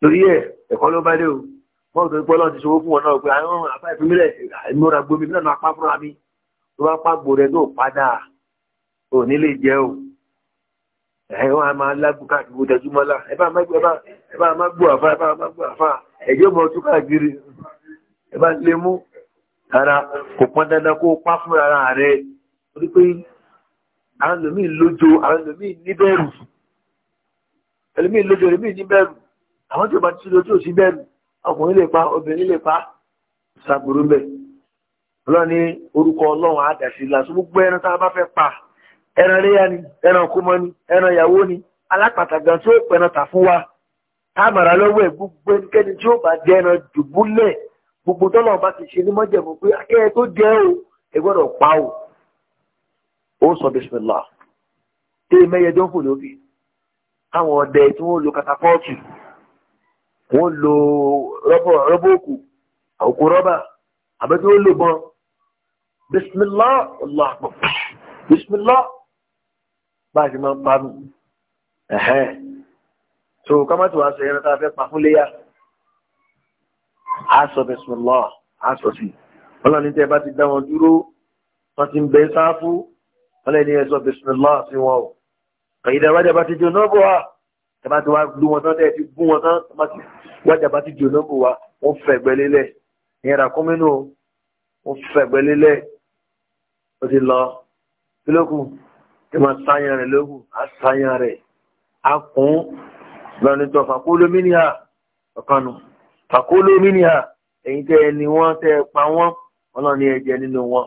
Speaker 1: torí ẹ̀ ẹ̀kọ́ ló bá dé o bọ́ọ̀lù tó pọ́lọ́ ti ṣòwò fún ọ náà pé àwọn àpá ìfimílẹ̀ ìmúra gbomi náà máa pa fúnra mi tó bá pa gbòòrẹ tó padà ò ní lè jẹ́ o ẹ̀yìn wọn a máa lágbó káàkiri bó tẹjú mọ́lá ẹ bá má gbó àfá ẹ bá má gbó àfá ẹ̀jẹ̀ mọ́ tún káàkiri ẹ bá lè mú ara kò pọn dandan kó pa fúnra rẹ̀ torí pé àwọn ẹlòmíì lójó àwọn ẹlòmíì níbẹ̀rù ẹlòmíì lójó ẹlòmíì níbẹ̀rù àwọn tí bá ti lójó sí bẹ̀rù ọkùnrin lè pa obìnrin lè pa ṣàbùrú mẹ́ ọlọ́ni orúkọ ọlọ́run àdàsí lásán gbogbo ẹran tá fẹ́ pa ẹran léyà ni ẹran kúmọ ni ẹran ìyàwó ni alápàtà tí ó pẹran tà fún wa táàmàrà lọ́wọ́ ẹ̀ gbogbo ẹnikẹ́ni tí ó bá jẹ ẹran dùbúlẹ̀ gbogbo tọ́lọ̀ bá ti ṣe ní mọ́jẹ̀mú pé akẹ́yẹ tó jẹ́ o ẹ gbọ́dọ̀ pa o ó sọ tí ọdẹ tí wọ́n lo wọ́n lo rọ́bọ̀ rọ́bọ̀ òkú òkú rọ́bà àbẹ́tí wọ́n lò bọ́n bisimilá allah akbar bisimilá bá a ti máa ń pa nù ẹ̀hẹ́n tó kámátì wàá sọ yẹn tá a fẹ́ pa fún léyà á sọ bisimilá á sọ sí wọn lọ́ni tẹ́ bá ti dá wọn dúró wọ́n ti ń bẹ sáfù wọn lẹ́ni ẹ̀ sọ bisimilá sí wọn o kàyídà wájà bá ti dùn náà bọ̀ tẹ́bá ti wá gbú wọn tán tẹ́ ti gún wọn tán tẹ́bá ti wájà bá ti jòló bò wá wọ́n fẹ̀gbẹ́ lélẹ̀ ìyẹn ràkúnmínú wọ́n fẹ̀gbẹ́ lélẹ̀ ó ti lọ kí ló kù kí máa sáyàn rẹ̀ ló kù á sáyàn rẹ̀ á kún lọ́nìtọ̀ fàkólómìnira ọ̀kanu fàkólómìnira èyí tẹ́ ẹni wọ́n tẹ́ pa wọ́n ọlọ́ni ẹ̀jẹ̀ nínú wọn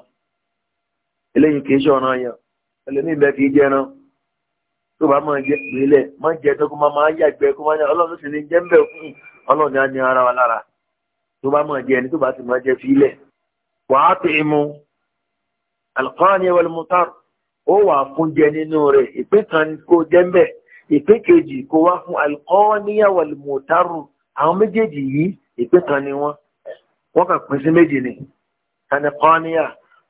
Speaker 1: eléyìí kì í ṣe ọ̀nà yẹn ẹlẹ́mìí bẹ́ẹ̀ kì í jẹ́ náà tó bá máa jẹ ìpínlẹ̀ má jẹ tó kó máa yàgbẹ́ kó máa ní ọlọ́run ló sì ní jẹ́ ń bẹ̀ fún ọlọ́run á ní ara wa lára tó bá máa jẹ ẹni tó bá sì máa jẹ fílẹ̀ wàá tó ìmú alqani wal mutar ó wà fún jẹ nínú rẹ̀ ìpín kan kó jẹ́ ń bẹ̀ ìpín kejì kó wá fún alqani wal àwọn méjèèjì yìí ìpín kan ni wọ́n wọ́n kàn pín sí méjì ni tani qaniya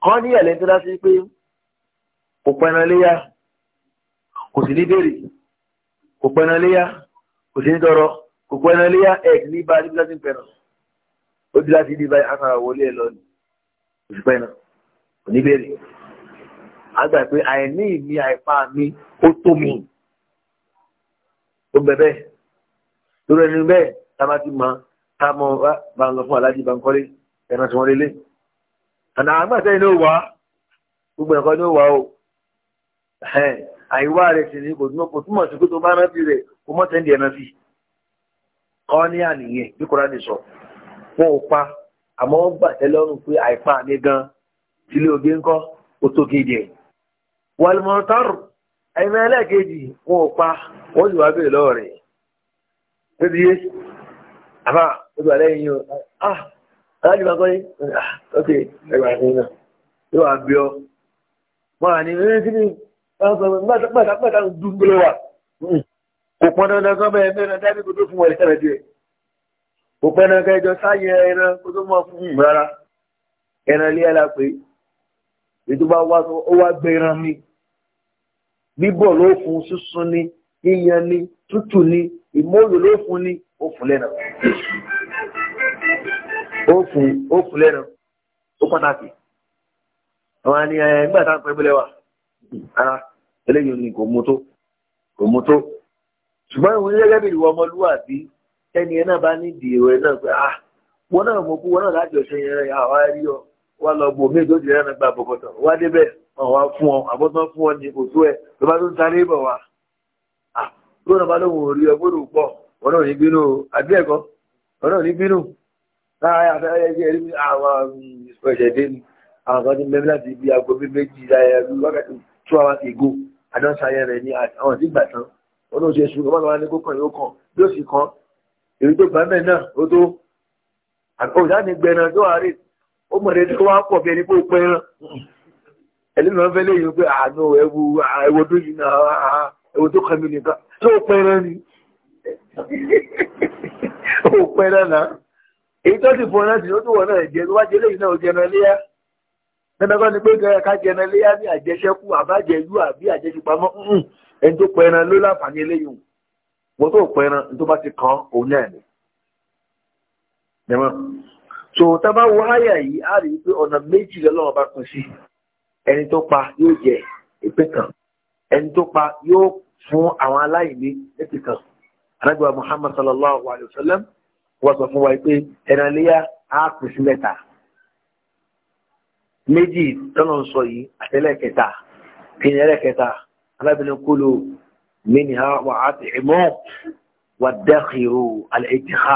Speaker 1: qaniya lẹ́ni tó dá sí pé kò pẹ́ran léyà kò sí ní bèrè kò pẹ́ran léyà kò sí ní tọrọ kò pẹ́ran léyà ẹ̀ ní bá níbi láti pẹ̀ràn ó bí láti ní báyìí àkàrà wọlé ẹ̀ lọ ni kò sí kò ní bèrè àgbà pé àìní mi àìpa mi ó tó mi ó bẹ bẹ́ẹ̀ lórí ẹni bẹ́ẹ̀ tá a bá ti mọ ká mọ bá ń lọ fún aláàjì bá ń kọ́lé ẹ̀ràn tí wọ́n lélẹ̀ àná àgbà sẹ́yìn ló wà gbogbo ẹ̀kọ́ ló wà o àìwá rẹ̀ sì ni kò túmọ̀ sí pé tó bá rántí rẹ̀ kò mọ́ tẹ́ndì ẹ̀nà sí ọ ní àníyàn bí kò rántí sọ wọn ò pa àmọ́ wọ́n gbà tẹ́lẹ̀ ọ̀run pé àìpa mi gan sílé oge ńkọ́ ó tó kéde ẹ̀ wàlùmọ̀tàrù ẹ̀mí ẹlẹ́ẹ̀kejì wọn ò pa wọ́n sì wá bèèrè lọ́wọ́ rẹ̀ níbi yé àbá ojú àlẹ́ yìí o ah aláàjì máa kọ́ yín ah, ok ẹgbàá sí náà yóò gbàgbàgbàgbà dùngbòlò wà kò pọn dandan kan bẹ́ẹ̀ mẹ́rin dání kó tó fún wọn lẹ́rẹ̀ díẹ̀ kò pẹ́ náà kẹjọ sáyẹ ẹran kó tó mọ̀ fún un rárá ẹran ilé ẹ̀la pé ètò bá wá sọ ó wá gbẹran mi bíbọ̀ ló fún sísun ni yíyan ni tútù ni ìmóòlù ló fún ni ó fún lẹ́nà ó fún ó fún lẹ́nà ó pàtàkì àwọn àníyàn ẹgbẹ́ àtàkùn ẹgbẹ́ lẹ́wà ara eléyìí ni kò mú tó kò mú tó ṣùgbọ́n ìwé gẹ́gẹ́ bí ìwọ ọmọlúwàbí ẹni ẹ náà bá ní ìdí ìrọ̀ ẹ náà pé ah wọn náà mọ̀ kú wọn náà láti ọ̀ṣẹ́ yẹn rẹ̀ àwa rí ọ wà lọ bò mí ìdójì rẹ̀ náà gba bọ̀kọ̀tọ̀ wá débẹ̀ wọn wá fún ọ àbọ̀tán fún ọ ní òtú ẹ ló bá tó ń sáré bọ̀ wá ah ló náà bá lóun ò rí ọ gbọ́dọ̀ pọ̀ wọn náà ní bínú àbí ẹ̀kọ́ wọn náà ní bínú ah, àwọn um, ẹ̀ṣẹ̀ dé ni àwọn kan ti mẹ́mí láti ibi àgọ́ méjì láyé wákàtí two hours ago àdánsayẹ rẹ̀ ní àwọn ìdígbà tán wọn ló ṣe sùúrù wọn lọ́wọ́ ní kókàn yóò kàn yóò sì kàn èyí tó gbà mẹ́ẹ̀ náà ó tó òdánìgbẹ̀ràn tó wà rí ó mọ̀rẹ́ tó wá pọ̀ bí ẹni pé ó pẹ́ rán ẹlẹ́nà fẹ́ lè yíò pé àánú ah, ẹwu ah, ẹwọ tó yìí náà ah, ẹwọ tó kàn mí nìkan tó pẹ́ rán ni ó pẹ́ rán náà èyí tó sì fọ́ náà sì ó tó wọ̀ náà jẹ́ tó wá jẹ́ lẹ́yìn náà ó jẹ́ náà léyà ẹnìkan ni pé kẹrẹ ká jẹnà léyà ní àjẹṣẹ́kù àbájẹyú àbí àjẹṣepamọ́ ẹni tó pẹran ló láǹfààní eléyìí wọn tó pẹran tó bá ti kàn òun náà ni. so tábà wọ àyà yìí á rí i pé ọ̀nà méjì lọ́wọ́ bá pín sí ẹni tó pa yóò jẹ ìpín kan ẹni tó pa yóò fún àwọn aláìní kan anábìwá Muhammad sallallahu alayhi wa sallam wọ́n sọ fún wa pé á pín méjì tọ́nà sọ yìí àtẹ́lẹ́kẹta kìíní ẹlẹ́kẹta alábìnrin kúlò mini ha wà á ti ìmọ̀ wà dẹ́kìrò àlẹ́jì ha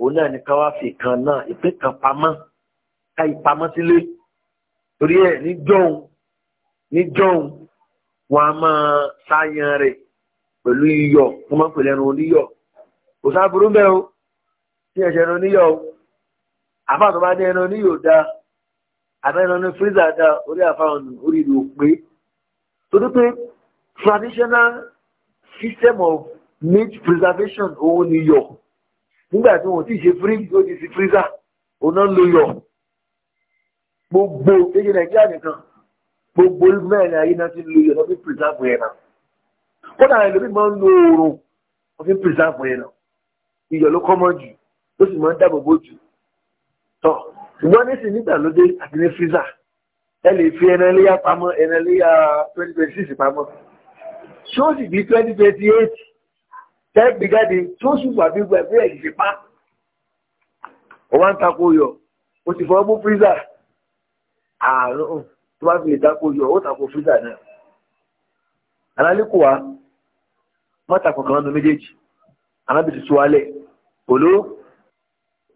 Speaker 1: òun náà ní káwá fi kan náà ìpín kan pamọ́ ká ìpamọ́ sílé torí ẹ̀ ní jọ́hún ní jọ́hún wọn a máa sáyan rẹ̀ pẹ̀lú iyọ̀ wọ́n máa ń pèlè ẹnu oníyọ̀ kò sáà burú mẹ́ tí ẹ̀ṣẹ̀ ẹnu oníyọ̀ àbá tó bá ní ẹnu oníyọ̀ dáa àbẹ́rẹ́ ní fírísà dá orí àfáwọn orí ìlú pé torí pé traditional system of meat preservation òun ni yọ nígbà tí wọn ò tí ì ṣe fírísì ó ti sí fírísà òun náà ló yọ gbogbo kéde nàìjíríà nìkan gbogbo mẹ́rin ayé náà ti lo yọ lọ́fíì preserve yẹn náà kódà ẹlòmíì máa ń lo oòrùn lọ́fíì preserve yẹn náà iyọ̀ ló kọ́ mọ́ jù ó sì máa ń dáàbò bò jù tọ́ ṣùgbọ́n nísìnyí nígbàlódé àti ní fíza ẹ lè fi ẹnẹlẹ́yà pamọ́ ẹnẹlẹ́yà twenty twenty six pamọ́ tí ó sì di twenty twenty eight tẹ́gbì jáde tí ó sì wà bí gbẹ̀gbẹ́ ẹ̀ ṣe pa ọwọ́ ń takò yọ o sì fọwọ́ mú fíza ààrùn tó bá fi lè takò yọ ó takò fíza náà alálẹ́kọ̀ọ́ wa mọ́ta nu méjèèjì alábìsí tó wálẹ̀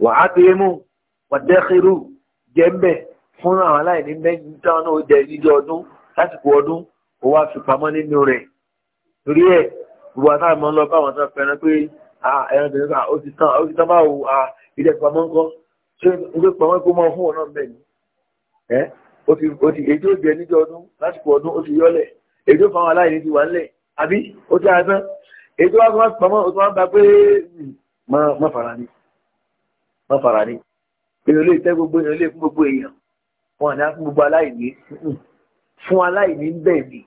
Speaker 1: wàá pé mú wàdẹ́kẹ́rù jẹ́ńbẹ̀ fún àwọn aláìní mẹ́rin táwọn náà jẹ níjọ ọdún lásìkò ọdún ó wá fi pamọ́ nínú rẹ̀ torí ẹ̀ gbogbo àtàwọn ọmọ lọ báwọn tó fẹ́ràn pé ẹran tẹ̀lé ó ti tán ó ti tán báwo ilé pamọ́ ńkọ́ ṣé ìwé pamọ́ kó mọ fún ọ̀nà bẹ́ẹ̀ ni ẹ́ ó ti ó ti èdè òjò níjọ ọdún lásìkò ọdún ó ti yọlẹ̀ èdè òfàwọn aláìní ti wà ńlẹ̀ àbí ó ti àtán èdè wá fún pamọ́ ó ti wá ń gba pé hmm, má fara ni má fara ni èèyàn lè tẹ́ gbogbo èèyàn lè fún gbogbo èèyàn wọn àná fún gbogbo aláìní fún aláìní ń bẹ̀ mí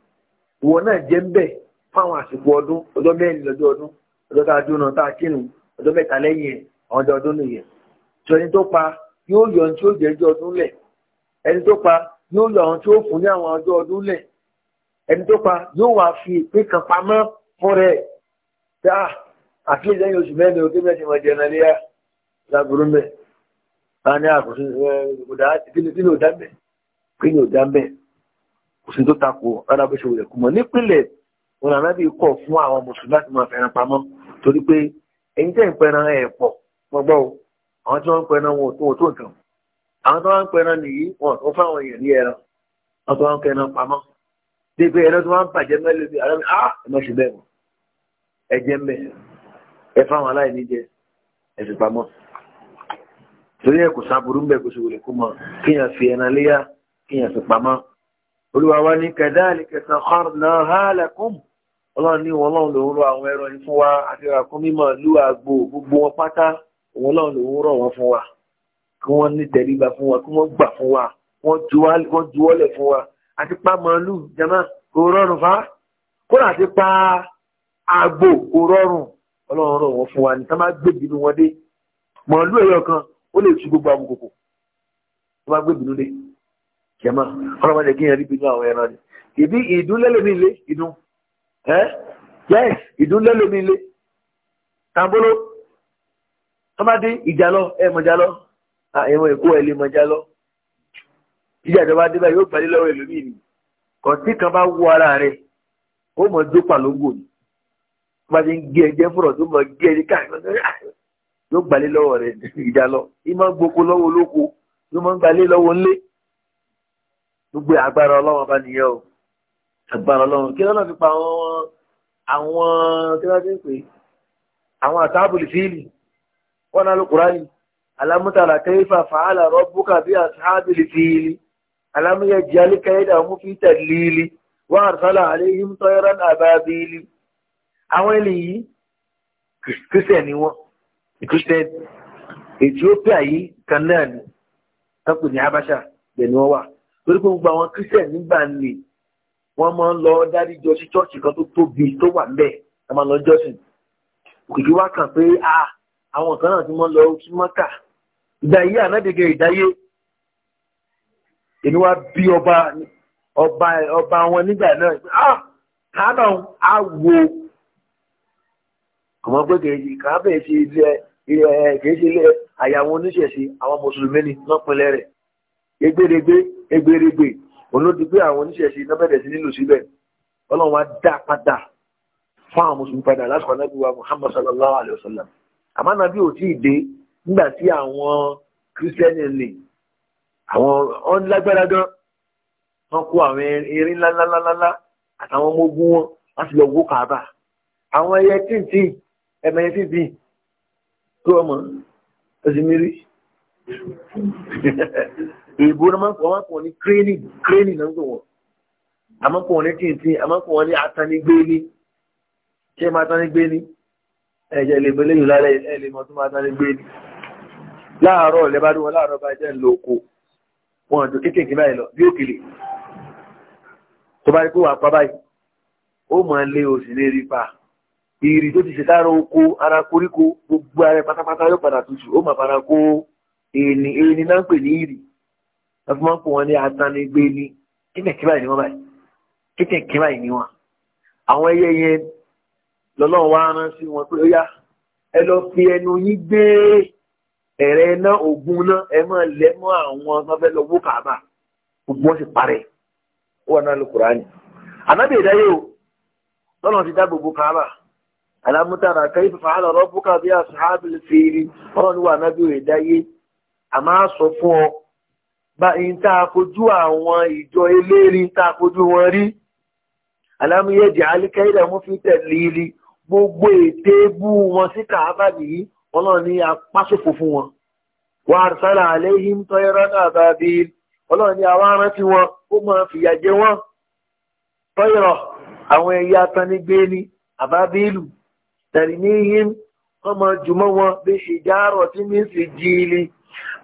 Speaker 1: ìwọ náà jẹ́ ń bẹ̀ fáwọn àsìkò ọdún ọjọ́ mẹ́rin lọ́jọ́ ọdún ọjọ́ tá a dúró náà tá a kírun ọjọ́ mẹ́ta lẹ́yìn ẹ̀ àwọn ọjọ́ ọdún nìyẹn tọ́ni tó pa yóò yọ ohun tí ó jẹ́ ọjọ́ ọdún lẹ̀ ẹni tó pa yóò yọ ohun tí ó fún ní àwọn ọjọ́ ọdún lẹ̀ ẹni tó pa yóò wá fi ìpín kan pamọ́ fún rẹ̀ tá àti lẹ́yìn oṣù mẹ́rin òkè mẹ́sìn mọ̀jẹ̀ náà léyà lágbóró mẹ́rin a ní àkùsí ọ̀dà kí ni ò dábẹ̀ kí ni ò dábẹ̀ kò sí tó takò rárá bó ṣe wulẹ̀ kú mọ́ nípínlẹ̀ wọn ànábì kọ̀ fún àwọn mùsùlùmí láti máa fẹ́ràn pamọ́ torí pé ẹ̀yin tẹ̀ ń pẹran ẹ̀ pọ̀ gbọ́gbọ́ o àwọn tí wọ́n ń pẹran wọn ò tó nǹkan àwọn tí wọ́n ń pẹran nìyí wọn ò fáwọn èèyàn ní ẹran wọn tó wọ́n ń pẹran pamọ́ bí pé ẹran tó wọ́n ń bàjẹ́ mẹ́lẹ̀ bí ara mi ẹ má ṣe bẹ́ẹ̀ mọ́ ẹ jẹ́ mẹ́ ẹ fáwọn aláìní ẹ sì pamọ́ torí ẹ̀ kò sáburú ń bẹ̀ kò sòwòlè kó mọ̀ kíyàn fi ẹran léyà kíyàn fi pamọ́ olúwa wa ní kadhalika sakharnaha lakum ọlọ́run ní wọn lọ́run lòún rọ àwọn ẹran yìí fún wa àti ràkún mímọ̀ lú àgbo gbogbo wọn pátá òun lọ́run lòún rọ wọn fún wa kí wọ́n ní tẹríba fún wa kí wọ́n gbà fún wa wọ́n juwọ́lẹ̀ fún wa àti pa jama kò rọrùn fa kódà àti pa àgbo kò rọrùn ọlọ́run rọ wọn fún wa ní tá gbé bínú wọn dé màálù ẹ̀yọ kan ó lè tú gbogbo amukoko tó bá gbé ìbínú dé jẹ̀mọ́ ọ̀rọ̀ wọn lè kí yẹn rí ìbínú àwọn ẹran rẹ̀ ìbí ìdúnlẹ́lẹ̀ mi ilé ìdún ẹ́ yes ìdúnlẹ́lẹ̀ mi ilé tambolo tọ́mádé ìjà lọ ẹ mọ̀já lọ àwọn èkó ẹ lè mọ̀já lọ jíjà ìjọba dé báyìí yóò gbalé lọ́wọ́ ẹlòmíì ni kọ̀ǹtì kan bá wọ ara rẹ̀ ó mọ̀ dópa lóńgò ni tọ́mádé ń gé ẹjẹ́ fúrọ̀ tó mọ̀ gé ẹjẹ́ káàkiri yóò gbalé lọ́wọ́ rẹ̀ ìjà lọ ìmọ̀ gboko lọ́wọ́ olóko yóò máa ń gbalé lọ́wọ́ ńlé gbogbo agbára ọlọ́wọ́n bá nìyẹn o agbára ọlọ́wọ́n kí lọ́nà fi pa àwọn àwọn kí lọ́nà fi ń pè àwọn àtàbùlì fíìlì wọn náà lókùrá yìí alámútàlá kẹfà fàálà rọ́bùkà bí àtàbùlì fíìlì alámúyẹ jíálí kẹyẹdà mú fi tẹ̀líìlì wọn àrùsálà àléhìm tọ́yọ́rọ́ àbábíìlì àwọn eléyìí kìrìsìtẹ́nì wọn christian ethiopia yìí kan náà ni ní habasha bẹ́ẹ̀ ni wọ́n wà torí pé gbogbo àwọn christian nígbà ní wọ́n máa ń lọ dárí jọ sí chọ́ọ̀chì kan tó tóbi tó wà ńbẹ̀ máa lọ jọ́sìn òkìkí wá kàn pé àwọn kan náà ti máa ń lọ ìdáyé èmi wá bí ọba ọba ọba wọn nígbà náà ah yìí ilé Eh, kìí ṣe ilé àyàwó oníṣẹ̀ṣe àwọn mùsùlùmí ni lọ́pìnlẹ̀ rẹ̀ egbèrègbè egbèrègbè olódìgbé àwọn oníṣẹ̀ṣe náà bẹ̀rẹ̀ sí nílùú síbẹ̀ ọlọ́run á dá padà fún àwọn mùsùlùmí padà lásìkò anábì wa muhammad sallallahu alayhi wa sallam àmọ́ anábì ò tí ì dé nígbà tí àwọn kírísítẹ́nì lè àwọn ọ̀nlágbára gan wọn kó àwọn erin ńláńláńlá àtàwọn ọmọ ogun wọn láti lọ wó kàábà àwọn ẹyẹ tíntìn ẹmẹyẹ tíntìn kí wọ́n mọ̀ ẹ̀sìn mi rí èèbó náà máa ń pọ̀ wọ́n pọ̀ ní kírẹ́nì kírẹ́nì náà ń pọ̀ wọ́n àmọ́ pọ̀ wọ́n ní tìǹtìǹ àmọ́ pọ̀ wọ́n ní atanigbéni ṣé máa atanigbéni ẹ̀jẹ̀ lè bẹ lẹ́yìn lálẹ́ ẹ̀ lè mọ̀ tó máa atanigbéni láàárọ̀ lẹ́bàá dúró láàárọ̀ bá jẹ́ ńlọ oko wọn àjò kéékèèké báyìí lọ bí òkèlè tó bá rí pé wà á pa báyìí ó máa lé òsì lérí pa ìrì tó ti ṣètàrà oko ara koríko gbogbo ara pátápátá yóò padà tutù ó máa padà kó èèní èèní náà ń pè ní ìrì wọ́n fi máa ń pò wọ́n ní atanigbé ní kékèké báyìí ni wọ́n báyìí kékèké báyìí ni wọ́n àwọn ẹyẹ yẹn lọ́lọ́run wá rán sí wọn pé ó yá ẹ lọ fi ẹnu yín gbé ẹ̀rẹ́ náà ògùn náà ẹ máa lẹ́ mọ́ àwọn tó fẹ́ lọ wó kàábà gbogbo wọn sì parẹ́ ó wà náà lókùrá ni ànábì ìdáyé o lọ́nà ti dá gbogbo kàábà alámútàrà kẹ́ ìfẹ́ fàálà rọ́bùkà bí àṣàbí fèrè ọ̀rọ̀ ní wà nábì ìdáyé a máa sọ fún ọ bá in tá a fojú àwọn ìjọ eléèrí tá a fojú wọn rí alámúyẹ̀dì alíkẹ́ ìdá mú fi tẹ̀lé ilé gbogbo ète bú wọn sí kàábà nìyí ọlọ́run ní apásòfò fún wọn wà á sára àléhìm tọ́yẹ́rọ́ náà bá bí ọlọ́run ní àwọn arántí wọn ó máa fìyà jẹ wọn tọ́yẹ̀rọ̀ àwọn ẹ̀yà tanigbé ni àbábílù tẹ̀lìmíhìm wọ́n máa jùmọ́ wọn bí ìjárọ̀ tí mi sì jíìlì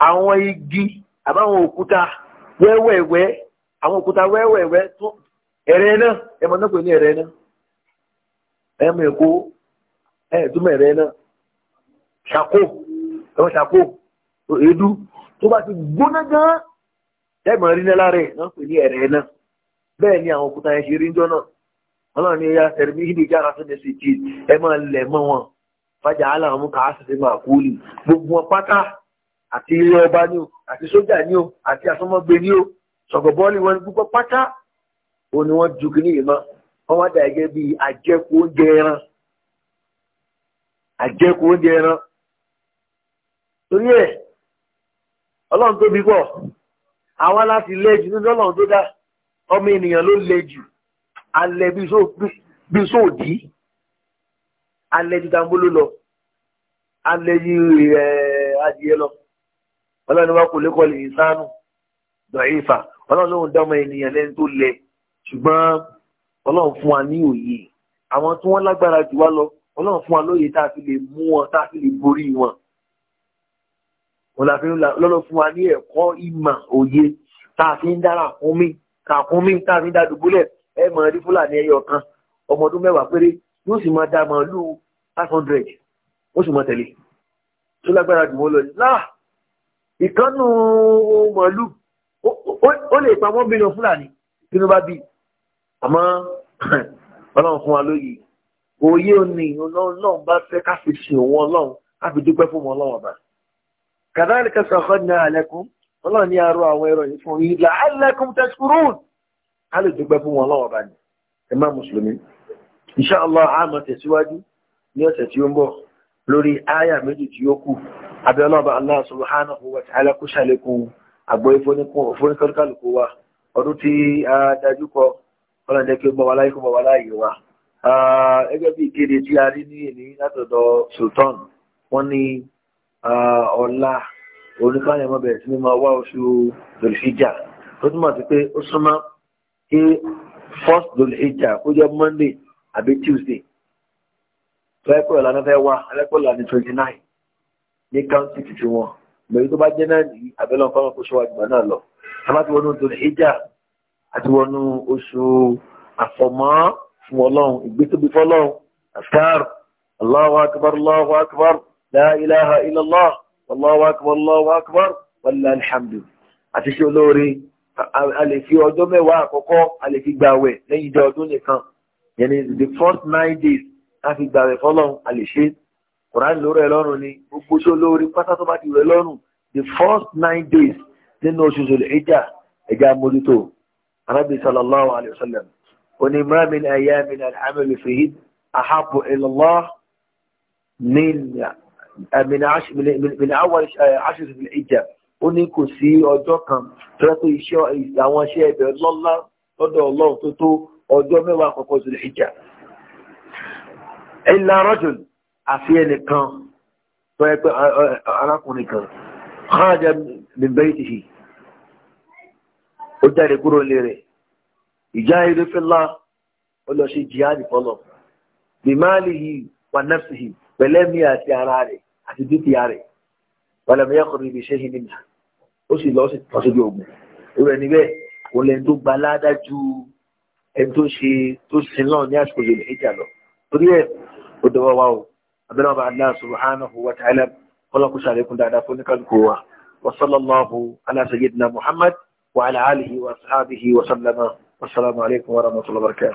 Speaker 1: àwọn igi àbáwọn òkúta wẹ́wẹ̀wẹ́ àwọn òkúta wẹ́wẹ̀wẹ́ tó ẹ̀rẹ́ náà ẹ̀mọ náà pè ní ẹ̀rẹ́ náà ẹ̀mọ èkó ẹ̀ẹ́dúmọ̀ ẹ̀rẹ́ náà ṣàkó ẹ̀mọ ṣàkó èédú tó bá ti gbóná gan-an ẹ̀mọ rí náà lára náà pè ní ẹ̀rẹ́ náà bẹ́ẹ̀ ni àwọn òkúta yẹn ṣe rí ń jọ náà ọlọ́run ní ẹ̀yà ẹ̀rẹ̀mí ìdí ìjára tó ní sí ti ẹ máa lẹ̀ mọ́ wọn fàjà aláwọn mú kàásì sí máa kú lì gbogbo wọn pátá àti ilé ọba ni o àti sójà ni o àti asọmọgbé ni o sọgọbọọlì wọn gbogbo pátá òun ni wọn ju kínní yìí mọ wọn wá dà gẹ́gẹ́ bíi àjẹkù oúnjẹ ẹran àjẹkù oúnjẹ ẹran torí ẹ ọlọ́run tóbi pọ̀ àwa láti lẹ́jù nínú ọlọ́run tó dá ọmọ ènìyàn ló lẹ́jù alẹ́ bí sóòdì alẹ́ ju dambolo lọ alẹ́ ju adìyẹ lọ ọlọ́run wa kò lékọ́ lè sánú dọ̀ífà ọlọ́run lóun dá ọmọ ènìyàn lẹ́ni tó lẹ ṣùgbọ́n ọlọ́run fún wa ní òye àwọn tí wọ́n lágbára jù wá lọ ọlọ́run fún wa lóye tá a fi lè mú wọn tá a fi lè borí wọn ọ̀làfin lọ́lọ́ fún wa ní ẹ̀kọ́ ìmọ̀ òye tá a fi ń dára kúnmí kàkúnmí tá a fi ń dá dùbúlẹ̀ ẹ mọ̀ rí fúlàní ẹyọ kan ọmọ ọdún mẹ́wàá péré yóò sì máa dá màálù five hundred ó sì máa tẹ̀lé tó lágbára jù wọ́n lọ ní láà ìkànnù màálù ó lè pa one million fúlàní tínú bá bí àmọ́ ọlọ́run fún wa lóye òye òní ọlọ́run bá fẹ́ ká fi sìn òun ọlọ́run ká fi dúpẹ́ fún ọmọ ọlọ́run ọba kàdáàlì kẹsàn-án kọ́ ní alẹ́kùn ọlọ́run ní arọ àwọn ẹ̀rọ yìí fún yín làálẹ́kùn tẹ̀sùkúrún a lè dúpẹ́ fún wọn lọ́wọ́ bá ní ẹ má mùsùlùmí insha Allah àmọ́ tẹ̀síwájú ní ọ̀sẹ̀ tí ó ń bọ̀ lórí àyà méjì tí ó kù abẹ́lọ́ba Allah subhanahu wa ta'ala kó ṣàlékún àgbọ̀ ìfọ́nikọ́lùkù wa ọdún tí a dájú kọ ọlọ́dẹ kí ó bọ̀ wá láyé kó bọ̀ wá láyé wa gẹ́gẹ́ bí ìkéde tí a rí sultan wọ́n ọ̀la oníkànnì tí mo wá oṣù Dhul tó túmọ̀ sí pé ó súnmọ́ kí first lòlì ìjà kó jẹ́ monday àbí tuesday fẹ́ẹ́kọ̀ ìlànà fẹ́ wá ẹlẹ́kọ̀ ìlànà twenty nine ní káńtì títí wọn lórí tó bá jẹ́ náà ní abẹ́lẹ́ ọ̀fọ́nà kó ṣọwọ́ àjùmọ̀ náà lọ àbá ti wọnú lòlì ìjà àti wọnú oṣù àfọ̀mọ́ fún ọlọ́run ìgbésóbi fọlọ́run àṣkárù Allahu akbar Allahu akbar la ilaha illallah Allahu akbar Allahu akbar wàllu alhamdu àti ṣe olóore a lè fi ọjọ́ mẹ́wàá àkọ́kọ́ a lè fi gbàwẹ̀ lẹ́yìn ìjọ ọdún nìkan yẹn ni the first nine days a fi gbàwẹ̀ fọlọ́run a lè ṣe Quran ló rẹ̀ lọ́rùn ni gbogbo ṣó lórí pátá bá ti rẹ̀ lọ́rùn the first nine days nínú oṣù ṣòlè ìjà ẹ̀já mójútó arábì sallallahu alayhi wa sallam oní mramin ayamin alhamdu fihid ahabu ilallah min min awal ashir fil hijab ó ní kò sí ọjọ́ kan tọ́lá pé iṣẹ́ àwọn iṣẹ́ ẹ̀bẹ̀ lọ́lá lọ́dọ̀ ọlọ́run tó tó ọjọ́ mẹ́wàá àkọ́kọ́ sí ìjà ẹ̀là rọ́jùn àfi ẹnìkan tó yẹ pé arákùnrin kan kharaja min baytihi ó jáde kúrò lé rẹ̀ ijahidu fillah ó lọ ṣe jihadi fọlọ́ bimalihi àti ara rẹ̀ àti dúkìá rẹ̀ walam yakhruj bi shay'in minha ó sì lọ sí ìtọ́sójú ogun irú ẹni bẹ́ẹ̀ kò lẹ́ni tó gba aládájú ẹni tó ṣe tó sin náà ní àsìkò yìí ìjà lọ torí ẹ̀ ó dọwọ́ wa o abẹ́rẹ́ ọba Allah subhanahu wa ta'ala kọ́lọ́kùn sàlékún dáadáa fún oníkàlùkù wa wa sallallahu ala sayyidina Muhammad wa ala wa sahbihi wa sallama wassalamu wa rahmatullahi wa